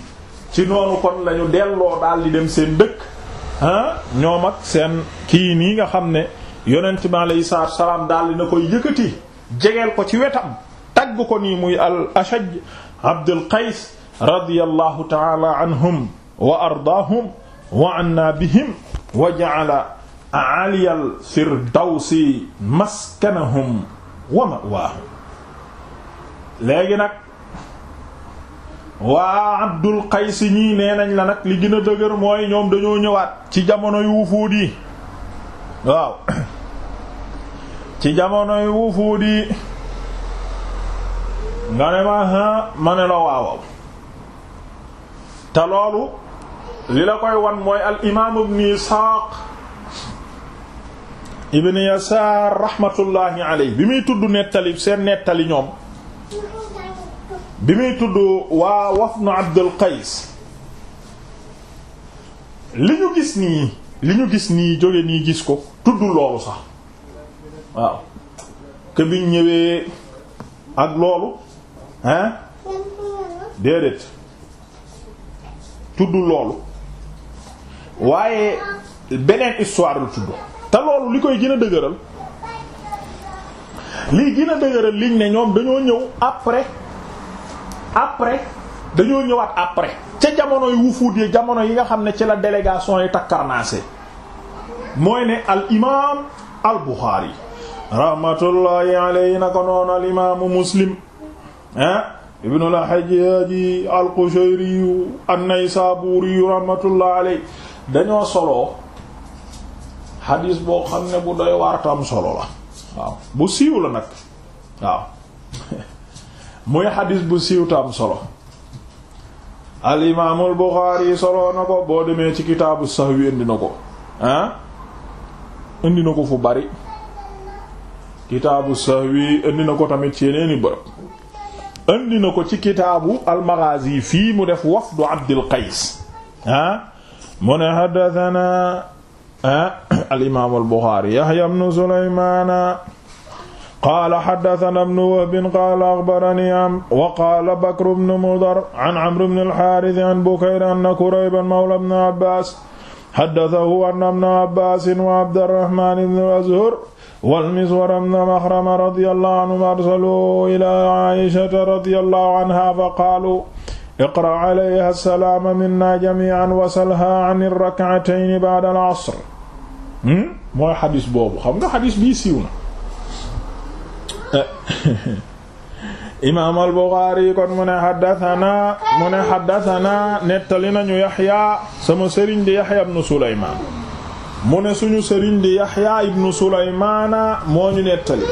ci noonu kon lañu delloo daal di dem seen dëkk ah ñoom ak seen kii nii nga xam ne yonent bi alayhi salaatu salaam daal dina koy yëkkati jegeel ko ci wetam tagg ko nii muy al ashaj abdul qays radiyallahu taala anhum wa ardaahum wa anna bihim wa ja'ala aliyal firdawsi maskanahum wa ma'waahum léegi nag waa abdul qays ñii nee nañ la nag li gën a dëgër mooy ñoom dañoo ñëwaat ci jamono yu yi waaw ci jamonoy wufuudi nga ne ma ha ma ne la waawaw te loolu li la koy wan mooy al imaam ibn Isxaaq ibn Yasaar raxmatullaahi alayhi bi muy tudd nettali seen nettali ñoom bi muy tudd waa wafnu Abdul Qays li ñu gis nii li ñu gis nii jóge nii gis ko tudd loolu sax waaw que biñ ñëwee ak loolu hein déedéet tudd loolu waaye beneen histoire lu tudd te loolu li koy gën a dëgëral lii gën a dëgëral liñ ne ñoom dañoo ñëw après après dañoo ñëwaat après ca jamonoy wufuut yi jamono yi nga xam ne ci la délégation yi takkarnaase mooy ne al imaam al Buxaari rahmatullahi alayhi na ko noonu al imaamu Muslim ah ibnul Hajjaaj al Qushayri an-Naysaburi rahmatullahi alayhi dañoo soloo hadis boo xam ne bu doy waartam solo la waaw bu siiw la nag waaw muy hadis bu siiw tam solo al imaamul Buxaari soloo ko boo demee ci kitaabu sahwi indi na ko ah indi na ko fu bari kitaabu sahwi indi na ko tamit ci yeneeni bërëb indi na ko ci kitaabu al-Maghaazi fii mu def wafdu Abdul Qays ah mu ne haddathana ah al imaamul Buxaari Yahya ibn qaala xaddatana bnu wahbin qaala axbarani am wa qaala bakru bnu mudar an amr bn alxaarisi an bukayr anna kurayban mawla bni abbas xaddatahu anna bna abbasin wa abdarrahman bn azhur walmiswar bna mahrama radiyallahu anhum arsaluu ilaa aishata radiyallahu anha faqaalu iqra calayha salaama minna jamiican wasalha an rakcatayni bacda al asr mooy xadis boobu xam nga xadis bii siiw na imaam al-Buxaari kon mu ne xaddasanaa mu ne xaddasanaa nettali nañu yaxya sama sëriñ di yaxya ibnu suleymaan mu ne suñu sëriñ di yaxya ibnu suleymaana moo ñu nettali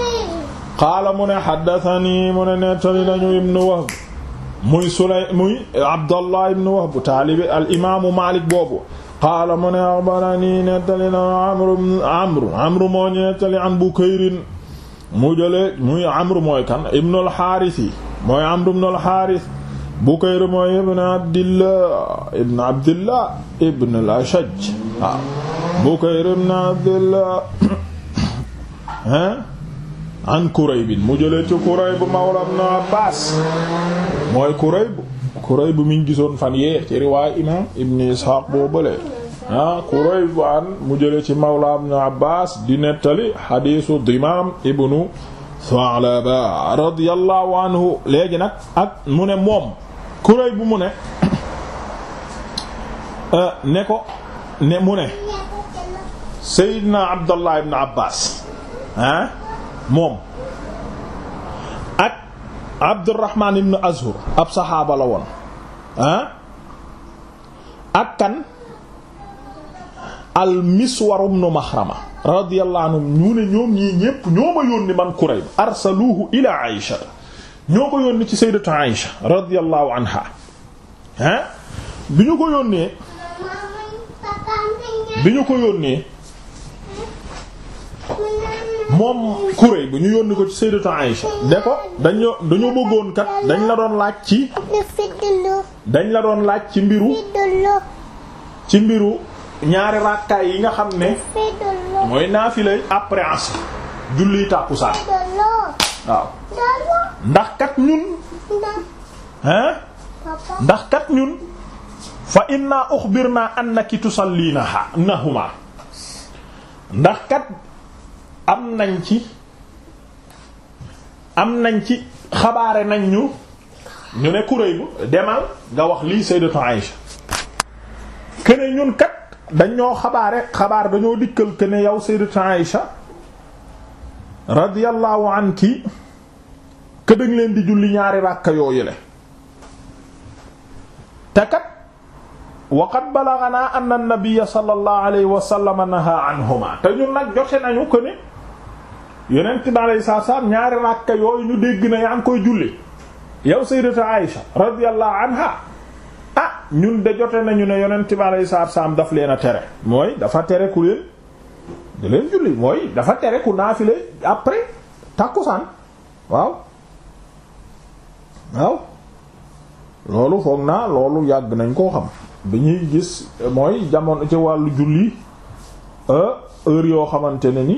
qaala mu ne xaddasanii mu ne nettali nañu ibnu wahb muy suley muy abdallah ibnu wahb taalibi al imaamu maalik boobu qaala mu ne axbaranii nettali nañu amru amru amru moo ñu nettali an bukayrin mu jëlee muy amru mooy kan ibnu alxaaris yi mooy amru ibnu alxaaris bukayr mooy ibn abdillah ibn abdillah ibn al ibn abdillah hein an Kurayb mu jëlee ci Kurayb mawla ibn Abbaas mooy Kurayb Kurayb mi gisoon fan yee ci riwaay imaam ibn Isxaaq boo ah Kurayban mu jële ci mawla ibn Abbas di nettali xadiisu Dimaam ibnu Sa'laba radiyallahu anhu léegi nag ak mu ne moom Kurayb bu mu ne eh, ne ko ne mu ne Seydina Abdallah ibn Abbas ah moom ak Abdurrahman ibn Azhur ab saxaaba la woon ak kan al Miswar ibn Maxrama radiyallahu anhu ñu ne ñoom ñii ñépp ñoo yónni man Kurayb arsaluhu ila Aïcha ñoo ko yónni ci sayyidatu Aïcha radiyallahu anha hein bi ko yónnee bi ñu ko yónnee moom Kurayb bu ñu yónni ko ci sayyidatu Aïcha de ko dañoo dañoo bëggoon kat dañ la laaj ci dañ la doon laaj ci mbiru ci mbiru ñaari rakkaay yi nga xam ne mooy naafila après asr julli tàkkusaan waaw ndax kat ñun hein ndax kat ñun fa inna ukhbirna annaki tusallinaha nahuma ndax kat am nañ ci am nañ ci xabaare nañ ñu ñu ne kuréegu bu demal nga wax lii sayyidatu Aïsha kene ñun kat dañ ñoo xabaare xabaar dañoo dikkal ke ne yow sayyidatu Aïsha radiyallahu anki ke dañ leen di julli ñaari ràkka yooyu le te kat wa qad balaghana anna an-nabiyya sallallahu alayhi wa sallam naha te ñun nag jote nañu ko ne yonent bi alayhi salaatu salaam ñaari ràkka yooyu ñu dégg na yaa ngi koy julli yow sayyidatu Aïsha radiyallahu anha ñun de jote nañu ne yeneen bi alayhi salaatu salaam daf leen a tere mooy dafa tere ku leen da leen julli mooy dafa tere ku naafile après tàkkusaan waaw waaw loolu foog naa loolu yàgg nañ koo xam bi ñuy gis mooy jamono ci wàllu julli euh, heure yoo xamante ne ni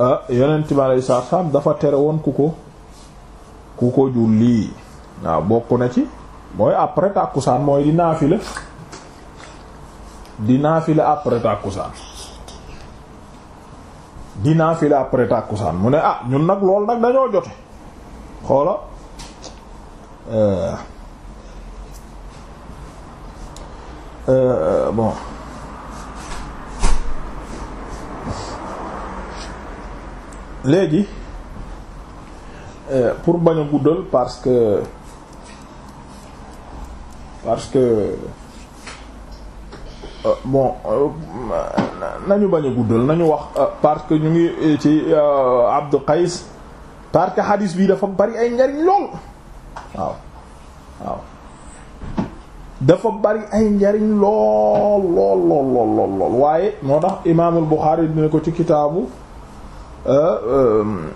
euh, yonent bi alayhi salaatu salaam dafa tere woon ku ko ku ko julli waaw bokk na ci mooy après tàkkusaan mooy di naafile di naafile après tàkkusaan di naafile après tàkkusaan mu ne ah ñun nag lool nag dañoo jote xoola euh, euh, bon léegi euh, pour bañ a guddal parce que parce que euh, bon euh, nañu bañ a guddal nañu wax euh, parce que ñu ngi ci Abdou Qays parce que xadiis bi dafa bari ay njariñ lool waaw bari ay njariñ lool lool lool waaye moo tax imaamul Buxaari dina ko ci kitaabu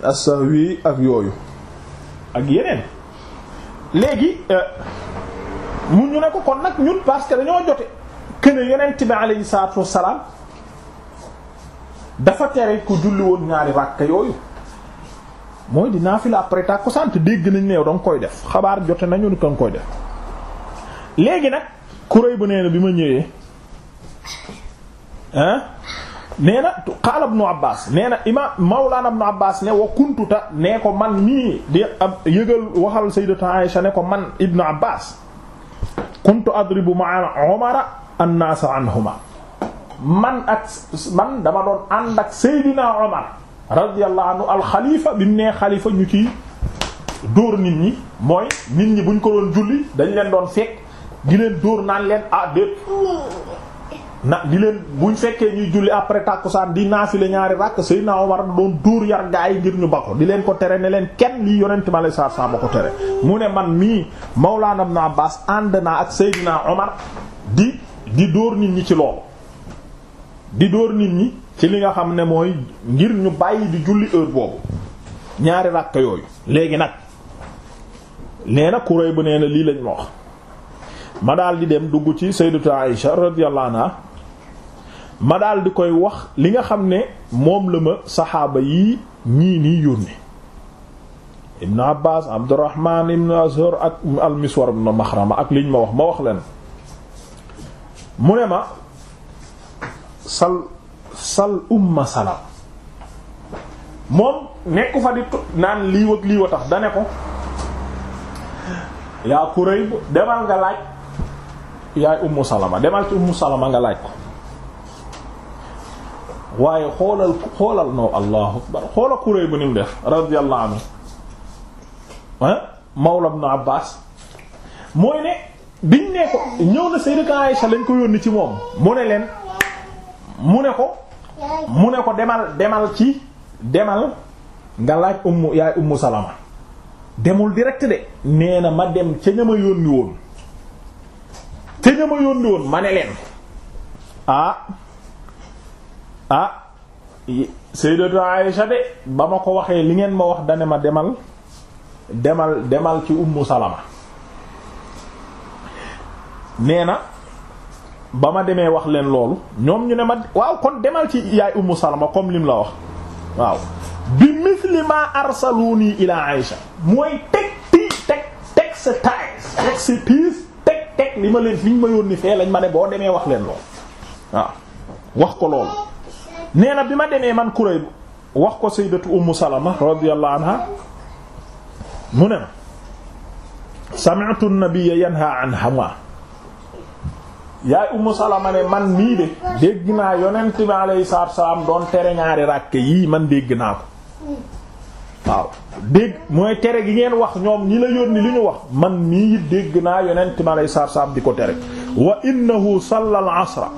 as ak yooyu ak yeneen léegi. mu ñu ne ko kon nag ñun parce que dañoo jote kene yonent bi alayhi salaatu wassalaam dafa tere ku julli woon ñaari ràkk yooyu mooy di naafila après tàkkusaan te dégg nañ ne yow danga koy def xabaar jote nañu ni danga koy def léegi nag kuréy bu nee bi ma ñëwee ah nee na qaala ibnu Abbaas nee na imaam mawlaana ibnu Abbaas ne wa kuntuta ne ko man mii di ab yëgal waxal sayyidatu Aisha ne ko man ibnu Abbaas kuntu adribu ma'a Umara an-nas anhuma man ak man dama doon ànd ak Seydina Omar radiyallahu anhu al-xalifa bi mu ñu ciy dóor nit ñi mooy nit ñi buñ ko doon julli dañ leen doon fekk di leen naan leen ah déet na di leen buñ fekkee ñuy julli après tàkkusaan di naafile ñaari ràkk Seydina Omar doon dóor yar gaa yi ngir ñu ba di leen ko tere ne leen kenn lii yonent ma lay saa saa ba ko tere mu ne man mii Mawlaana Ibn Abbaas ànd naa ak Seydina Omar di di dóor nit ñi ci loolu di dóor nit ñi ci li nga xam ne mooy ngir ñu bàyyi di julli heure boobu ñaari ràkk yooyu léegi nag nee na kuréy bu nee na lii lañ ma wax ma daal di dem dugg ci Sayyidatu Aïsha radiyallahu anha ma daal di koy wax li nga xam ne moom la ma saxaaba yi ñii nii yónni ibnu abbas abdurrahman ibnu azhar ak almiswar ibnu maxrama ak liñ ma wax ma wax leen mu ne ma sal sal umma salam moom nekku fa di naan lii wëg lii wa tax dane ko yaa Kurayb demal nga laaj yaay ummu salama demal ci ummu salama nga laaj ko waaye xoolal xoolal noo allahu akbar xoola kuréy bu nim def radiyallahu anhu ah mawla ibn abbas mooy ne biñ ne ko ñëw na sayyidatu Aisha lañ ko yónni ci moom mu ne leen mu ne ko mu ne ko demal demal ci demal nga laaj ummu yaay ummu salama demul direct de nee na ma dem ca ña ma yónni woon ca ña ma yónni woon ma ne leen ah ah sayyidatu Aïsha de ba ma ko waxee li ngeen ma wax dane ma demal demal demal ci ummu salama nee na ba ma demee wax leen loolu ñoom ñu ne ma waaw kon demal ci yaay ummu salama comme lim la wax waaw bi misli ma arsaluni ila Aïsha mooy teg tii teg teg sa tais teg sa teg teg li ma leen liñ ma yónni fee lañ ma ne boo demee wax leen loolu waaw wax ko loolu nee na bi ma demee man Kurayb wax ko sayyidatu Ummu Salama radiyallahu anha mu ne ma sami'tu an-nabiyya yanha an hama yaay Ummu Salama ne man mii de dégg naa yonent bi alayhi salaatu doon tere ñaari ràkke yii man dégg naa ko waaw dégg mooy tere gi ngeen wax ñoom ñi la yónni li ñu wax man mii dégg naa yonent bi alayhi salaatu salaam di ko tere wa innahu salla asra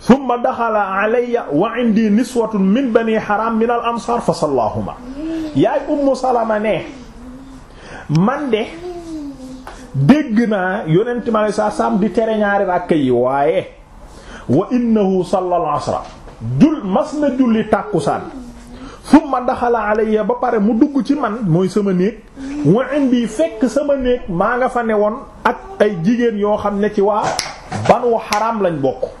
summa daxala alayya wa indi niswatun min bani haram min al ansar fa sallaahuma yaay ummu salama ne man de dégg naa yonent mi alei saat salaam di tere ñaari ràkk yi waaye wa innahu salla al asra jul mas na julli tàkkusaan summa daxala alayya ba pare mu dugg ci man mooy sama néeg wa indi fekk sama néeg maa nga fa ne woon ak ay jigéen yoo xam ne ci waa banu xaraam lañ bokk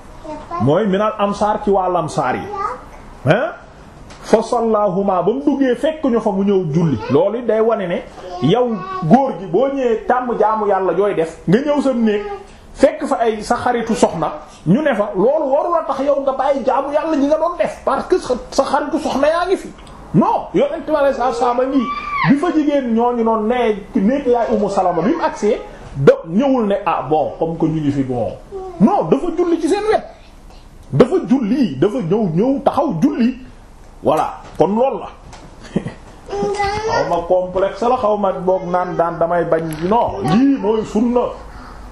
mooy minal ansaar ci wàll ansaar yi hein fa sallahuma ba mu duggee fekk ñu fa mu ñëw julli loolu day wane ne yow góor gi boo ñëwee tàmm jaamu yàlla jooy def nga ñëw sa néeg fekk fa ay sa xaritu soxna ñu ne fa loolu waru tax yow nga bàyyi jaamu yàlla ñi nga doon def parce que sa xaritu soxna yaa ngi fi non yow intimale sa sama bi fa jigéen ñooñu noonu nee nekk yaay umu salama bi mu agsee da ñëwul ne ah bon comme que ñu ngi fi bon non dafa julli ci seen wet dafa julli dafa ñëw ñëw taxaw julli voilà kon loolu la xaw ma complexe la xaw ma boog naan daan damay bañ noo lii mooy sunna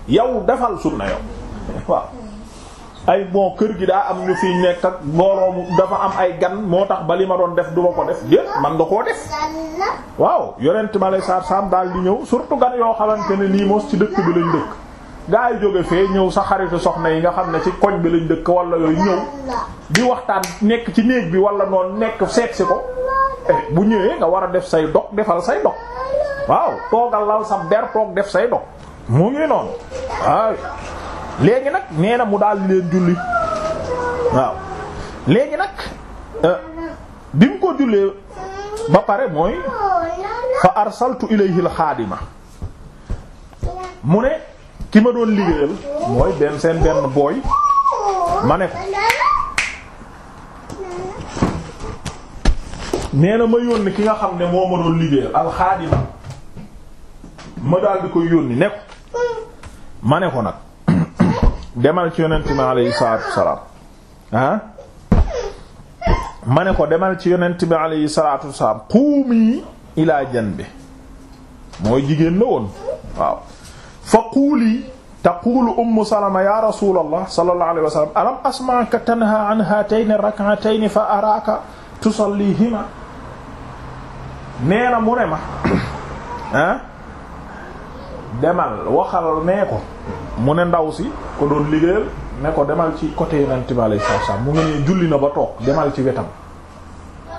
yow defal sunna yow ay bon kër gi daa am ñu fiy nekk ak mbooloo dafa am ay gan moo tax ba li ma doon def duma ko def déet man nga koo def waaw yonent ma lay saar daal di ñëw surtout gan yoo xalante ne nii mos ci dëkk bi lañ dëkk gaa yi jóge fee ñëw sa xaritu soxna yi nga xam ne ci koñ bi lañ dëkk wala yooyu ñëw di waxtaan nekk ci néeg bi wala noonu nekk seet si ko eh, bu ñëwee nga war a def say dog defal say dog waaw toogal lal sa ber def say dog mu ngi noonu waaw léegi nag nee na mu daal leen julli waaw léegi nag eh, bi mu ko jullee ba pare mooy fa arsaltu ilayhi al xaadima mu ne ki ma doon liggéeyal mooy benn seen benn booy ma ne ko nee na ma yónni ki nga xam ne moo ma doon liggéeyal alxaadima ma daal di koy yónni ne ko ma ne ko nag demal ci yonent bi aleyhi salaatu wasalaam ah? ma ne ko demal ci yonent bi aleyhi salaatu wasalaam quumi ilaa janbi mooy jigéen la woon waaw fa quuli taquulu ummu salama ya rasulallah sallallahu alayhi wa sallam alam asma'aka tanha an haatayni rak'atayni fa araaka tusallihima nee mu ne ma ah demal waxal nee ko mu ne ndaw si ko doon liggéeyal ne ko demal ci côté yonente bi alayhi mu ne julli na ba toog demal ci wetam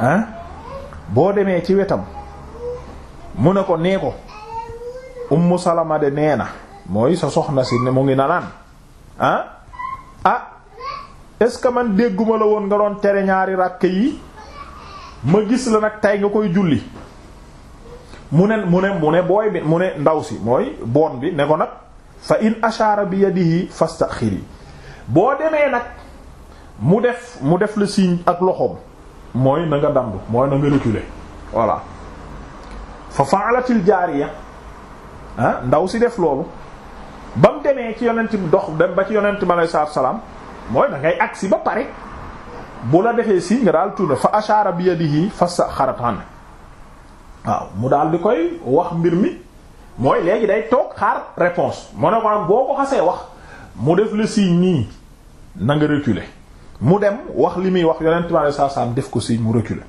ah boo demee ci wetam mu ne ko nee ko ummu salama nee na mooy sa soxna si mu ngi nanaan ah ah est ce que man dégguma la woon nga doon tere ñaari ràkk yi ma gis la nag tey nga koy julli mu ne mu ne mu ne booy bi mu ne ndaw si mooy boon bi ne ko nag fa in ashara bi yadihi fastaxiri boo demee nag mu def mu def la signe ak loxoom mooy na nga damb mooy na nga reculer voilà fa faalatil jaariya ah ndaw si def loolu ba mu demee ci yonent bi dox ba ci yonent bi alayhi salaam mooy dangay ngay agsi ba pare bu la defee si nga daal tourné fa ashara bi yadihi fa sa xaratan waaw mu daal di koy wax mbir mi mooy léegi day toog xaar réponse mu ne ko nag boo ko xasee wax mu def le signe nii na nga mu dem wax li muy wax yonent bi alayhi salaatu salaam def ko signe mu reculer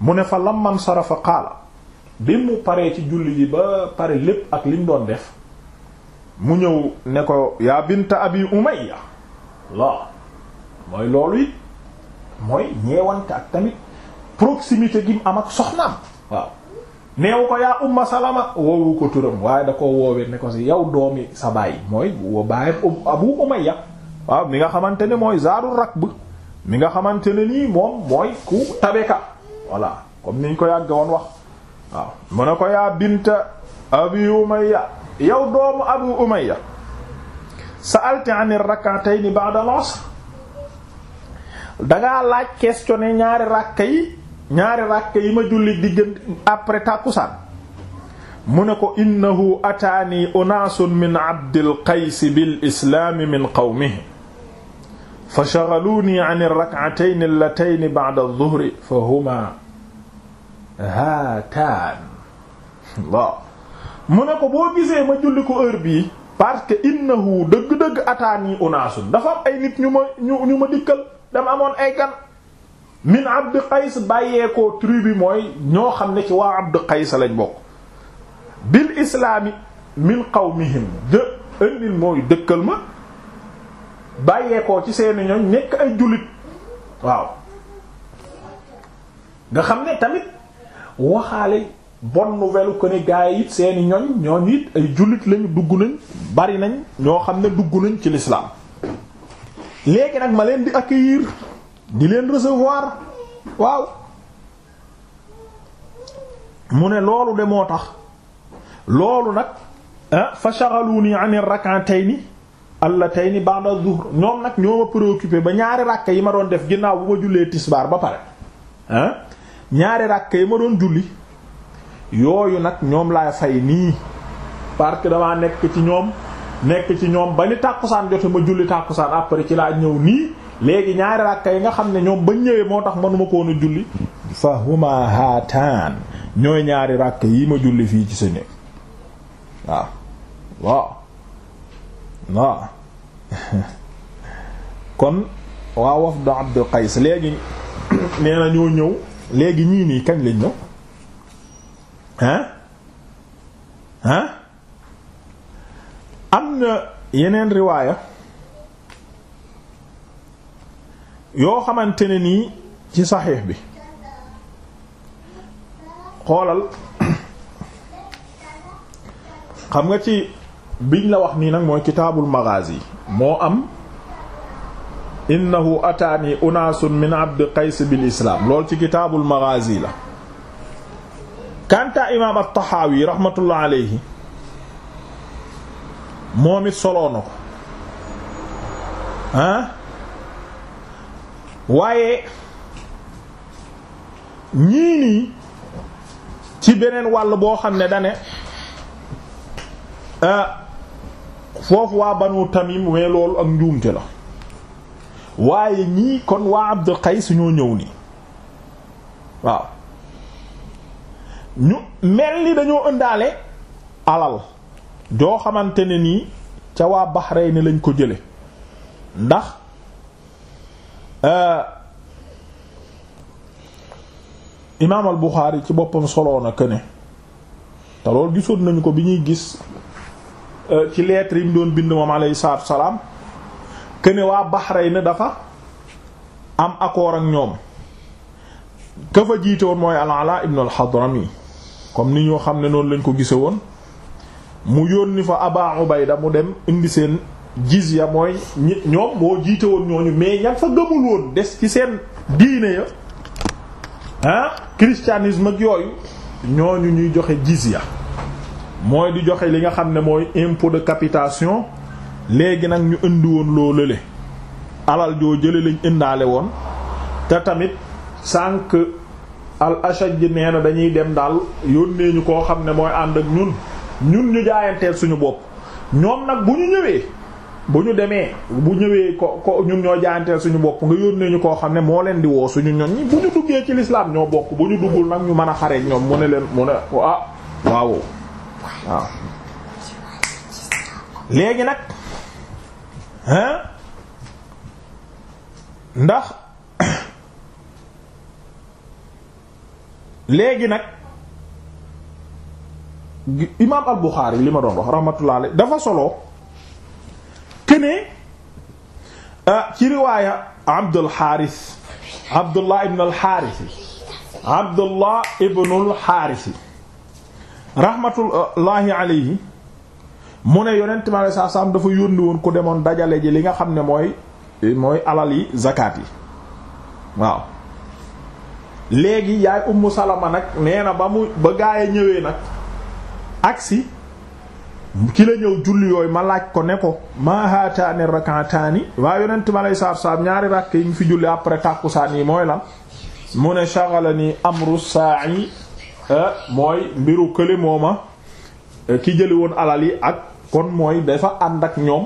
mu ne fa lamman sarafa qaala bi mu paree ci julli ji ba pare lépp ak lim doon def mu ñëw ne ko yaa bint abi umayya la mooy loolu it mooy ñeewante ak tamit proximité gi mu am ak soxnaam waaw neewu ko yaa umma salama woowu ko turam waaye da ko woowee ne ko si yow doomi sa baay mooy wa baayam abu umayya waaw mi nga xamante ne mooy zaarul rakb mi nga xamante ne nii moom mooy ku tabeka voilà comme niñ ko yàgg woon wax waaw mu ne ko yaa binta abi umayya yow doomu abu umayya sa'alti ani al-'asr laaj questionné ñaari ràkka yi ñaari ma julli diggante après tàkkusaan mu ne ko innahu ataani unaasun min abdil qays bil min qawmihi fa shaghaluunii ani rak'atayn allatayn ba'da adh-dhuhri fa humaa haataan waaw mu ne ko boo gisee ma julli ko heure bii parce que innahu dëgg-dëgg ataani unaasun dafa am ay nit ñu ma ñu ma dikkal dama amoon ay gan min abd qays bàyyeekoo tribu bi mooy ñoo xam ne ci waa abd qays lañ bokk bil islaami min qawmihim de indil mooy dëkkal ma bàyyeekoo ci seeni ñoñ nekk ay jullit waaw nga xam ne tamit waxaale bonne nouvelle ko ne gaa yi seeni ñoñ ñooñu it ay jullit lañu dugg nañ bari nañ ñoo xam ne dugg nañ ci lislaam léegi nag ma leen di accueillir di leen recevoir waaw mu ne loolu de moo tax loolu nag ah, fa shaghaluni an ar ni allatayn ba'da dhuhr ñoom nag ñoo ma préoccupé ba ñaari ràkka yi ma doon def ginnaaw bu ma jullee tisbaar ba pare ah ñaari ràkk yi ma doon julli yooyu nag ñoom laay fay nii parce que damaa nekk ci ñoom nekk ci ñoom ba ni tàkkusaan jote ma julli tàkkusaan après ci laa ñëw nii léegi ñaari ràkka yi nga xam ne ñoom ba ñëwee moo tax manuma koon a julli fa huma haataan ñooy ñaari ràkk yi ma julli fii ci sa néeg waaw waaw waaw kon waa wafdu Abdul Qays léegi nee na ñoo ñëw léegi ñii nii kañ lañ ñëw hein hein am na yeneen riwaaya yoo xamante ne nii ci saxiix bi xoolal xam nga ci biñ la wax nii nag mooy kitaabul maghazi moo am innahu ataani unaasun min abdi qays bil islaam lool ci kitaabul maghaazi la kanta imaam at-Taxaawi rahmatullah alayhi moom it soloo waaye ñii ci beneen wàll boo xam ne dane eh, foofu waa banu tamim mais loolu ak njuumte la waaye ñii kon waa Abdul Qays ñoo ñëw nii waaw ñu mel ni dañoo ëndaale alal joo xamante ne nii ca waa Bahrayn lañ ko jële ndax euh, imaam al Buxaari ci boppam soloo na ne te lool loolu gisoon nañu ko bi ñuy gis euh, ci lettre yi mu doon bind moom alayhi salaatu salaam ne waa na dafa am accord ak ñoom ka fa jiite woon mooy al-Ala hadrami comme ni ñoo xam ne noonu lañ ko gise woon mu yónni fa Aba Ubayda mu dem indi seen ya mooy ñoom moo jiite woon ñooñu mais ñan fa gëmul woon des ci seen diine ya ah christianisme ak yooyu ñooñu ñuy joxe ya mooy di joxe li nga xam ne mooy impôt de capitation léegi nag ñu indiwoon woon loo lële alal joo jële lañ indaale woon te tamit sànq al ashaj nee na dañuy dem daal yónnee ñu koo xam ne mooy ànd ak ñun ñun ñu jaayanteel suñu bopp ñoom nag bu ñu ñëwee bu ñu demee bu ñëwee ko ko ñun ñoo jaayanteel suñu bopp nga yónnee ñu koo xam ne moo leen di woo suñu ñoñ ñi bu ñu duggee ci lislaam ñoo bokk bu ñu duggul nag ñu mën a xareek ñoom mu ne leen mu ne ah waaw waaw nag hein ndax léegi nag imaam al-Bukhari li ma doon wax rahmatullah alayhi dafa solo kenee ah, ci riwaaya Abdul Xaaris Abdullah ibn al-Xaarisi Abdullah ibn yi mu ne yonent mi alayhi salaatu salaam dafa yónni woon ku demoon dajale ji li nga xam ne mooy mooy alal yi zakat yi waaw léegi yaay ummu salama nag nee na ba mu ba ñëwee nag agsi ki la ñëw julli yooyu ma laaj ko ne ko ma haataani rakataani waa yonent mi alayhi salaatu ñaari rakk yi ñu fi julli après saan yi mooy la mu ne shaghalani amru sa'i eh, mooy mbiru kële eh, ki jëli woon alal yi ak kon mooy dafa ànd ak ñoom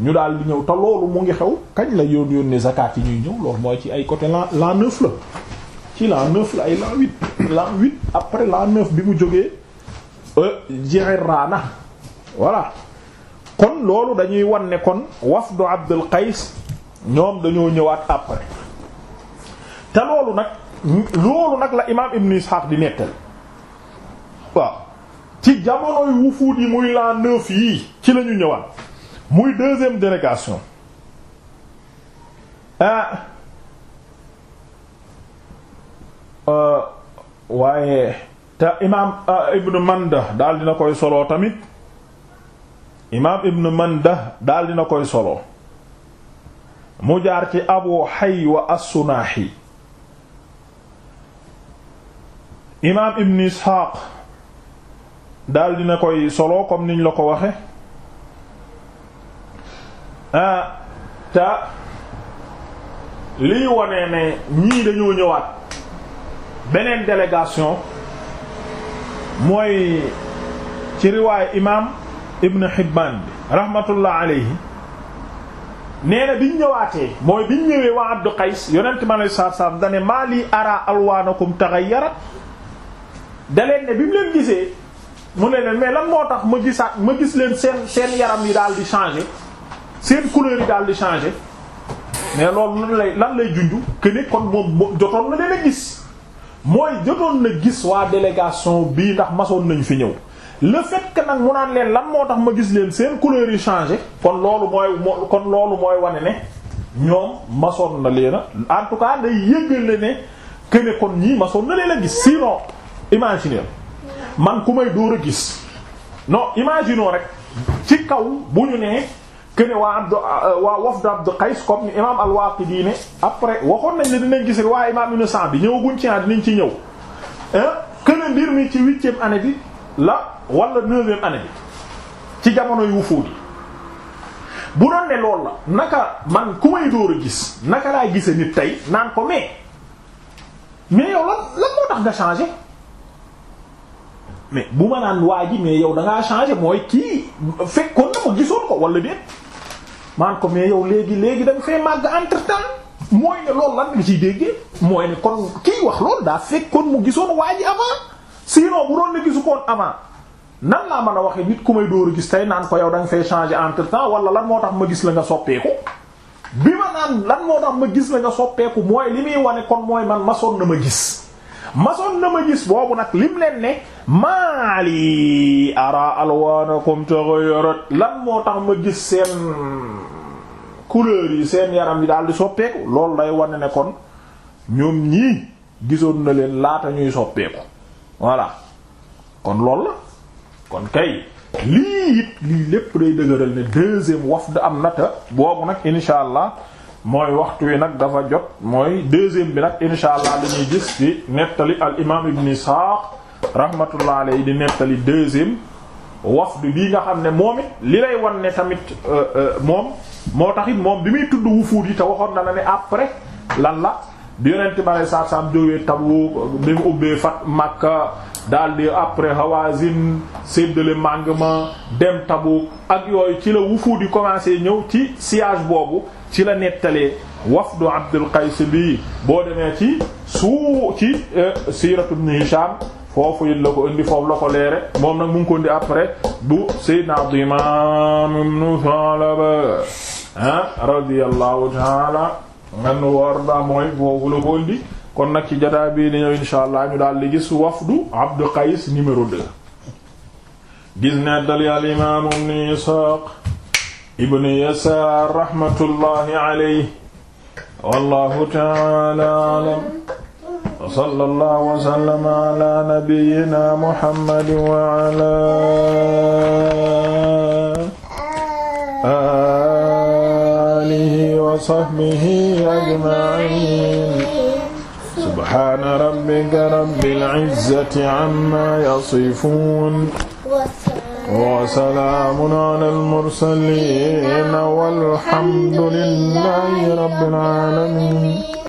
ñu daal di ñëw te loolu mu ngi xew kañ la yoon yónnee zakat yi ñuy ñëw loolu mooy ci ay côté l'an l'an neuf la ci l'an neuf la ay l'an huit l'an huit après l'an neuf bi mu jógee euh, Ji'rana voilà kon loolu dañuy wan ne kon wafdu Abdul Qays ñoom dañoo ñëwaat après te loolu nag loolu nag la imaam Ibn Ishaq di nettali waaw ci jamonoy wufuut yi muy la neuf yii ci lañu ñu ñëwaat muy deuxième délégation ah euh, waaye te imaam euh, Ibn Manda daal dina koy soloo tamit imaam Ibn Manda daal dina koy solo mu jaar ci Abu Haywa as-Sunahi imaam Ibn Ishaq daal dina koy solo comme niñ la ko waxe ah ta lii wonee ne ñii dañoo ñëwaat beneen délégation mooy ci riwaay imaam Ibn Hibbaan bi rahmatullah alayhi nee na biñ ñëwaatee mooy biñ ñëwee waa Abdu Qays yonent ma lay saaf saaf dane maa lii araa alwaanakum taxayyarat daleen ne bi leen gisee mu ne leen mais lan moo tax ma gisaat ma gis leen seen seen yaram yi daal di changer seen couleur yi daal di changer mais loolu lan lay lan lay junj que kon moom jotoon na leen a gis mooy jotoon na gis waa délégation bii ndax masoon nañ fi ñëw le fait que nag mu naan leen lan moo tax ma gis leen seen couleur yi changer kon loolu mooy kon loolu mooy wane ne ñoom masoon na leen a en tout cas day yëgale ne que kon ñii masoon na leen gis sinon imaginer man ku may dóor a gis non imaginons rek ci kaw bu ñu nee que ne waa Abd euh, waa wafd Abd Qays comme ni imaam al-Waaqidi ne après waxoon nañ ne dinañ gis waaye imaam Ibn Sa'd bi ñëwaguñ ci naa dinañ ci ñëw que ne mbir mi ci année bi la wala neuvième année bi ci jamono yu wufuud yi bu doon ne loolu la naka man ku may dóor a gis naka laay gise nit tey naan ko mais mais yow lan lan moo tax nga changer mais bu ma naan waa ji mais yow da ngaa changé mooy kii fekkoon na ma gisoon ko wala déet maan ko mais yow léegi léegi da fee màgg entre temps mooy ne loolu lan nga ciy déggee mooy ne kon kii wax loolu daa fekkoon mu gisoon waa ji avant sinon bu doon ne gisu koon avant nan laa mën a waxee nit ku may dóor a gis tey naan ko yow da nga fay changé entre wala lan moo tax ma gis la nga soppeeku bi ma naan lan moo tax ma gis la nga soppeeku mooy li muy wane kon mooy man masoon na ma gis masoon na ma gis boobu nag lim leen ne. maali ara alwaanakum taghayyarat lan moo tax ma gis seen couleur yi seen yaram yi daal di soppeeku loolu day wane ne kon ñoom ñii gisoon na leen laata ñuy soppeeku voilà kon lool la kon kay lii it lii lépp day dëgëral ne deuxième wafd am nata boobu nag insha allah mooy waxtu wi nag dafa jot mooy deuxième bi nag insha allah dañuy gis ci nettali al imaam ibn Isaaq rahmatullah alayhi di nettali deuxième wafd bii nga xam ne moom it li lay wan ne tamit euh, euh, moom moo tax it moom bi muy tudd wufuut yi te waxoon na la ne après lan la bi yonente bi alei satu salaam jógee Tabuk bi mu ubbee fat Makka daal di après Hawazin séddale màng ma dem Tabuk ak yooyu ci la wufuut yi commencé ñëw ci siège boobu ci la nettalee wafdu Abdul Qays bi boo demee ci suu ci euh, siratu Ibn Hisham foofu it la leere moom nag mu ngi après bu sayyidna Dimaam ibn Salaba ah radiyallahu taala anhu warda mooy foofu la ko indi kon nag ci jataa bii ni ñëw insha allah ñu daal di gis wafdu Abdu Qays numéro 2 gis ne dali al imaam ibn Isaaq ibn Yasaar rahmatullahi alayhi wallahu taala alam wa sallallahu wa sallama ala nabiyyina muhammad wa ala alihi wa sahbihi ajma'in subhana rabbika rabbil izzati amma yasifun wa salaamun alal mursaliin walhamdulillahi rabbil aalamiin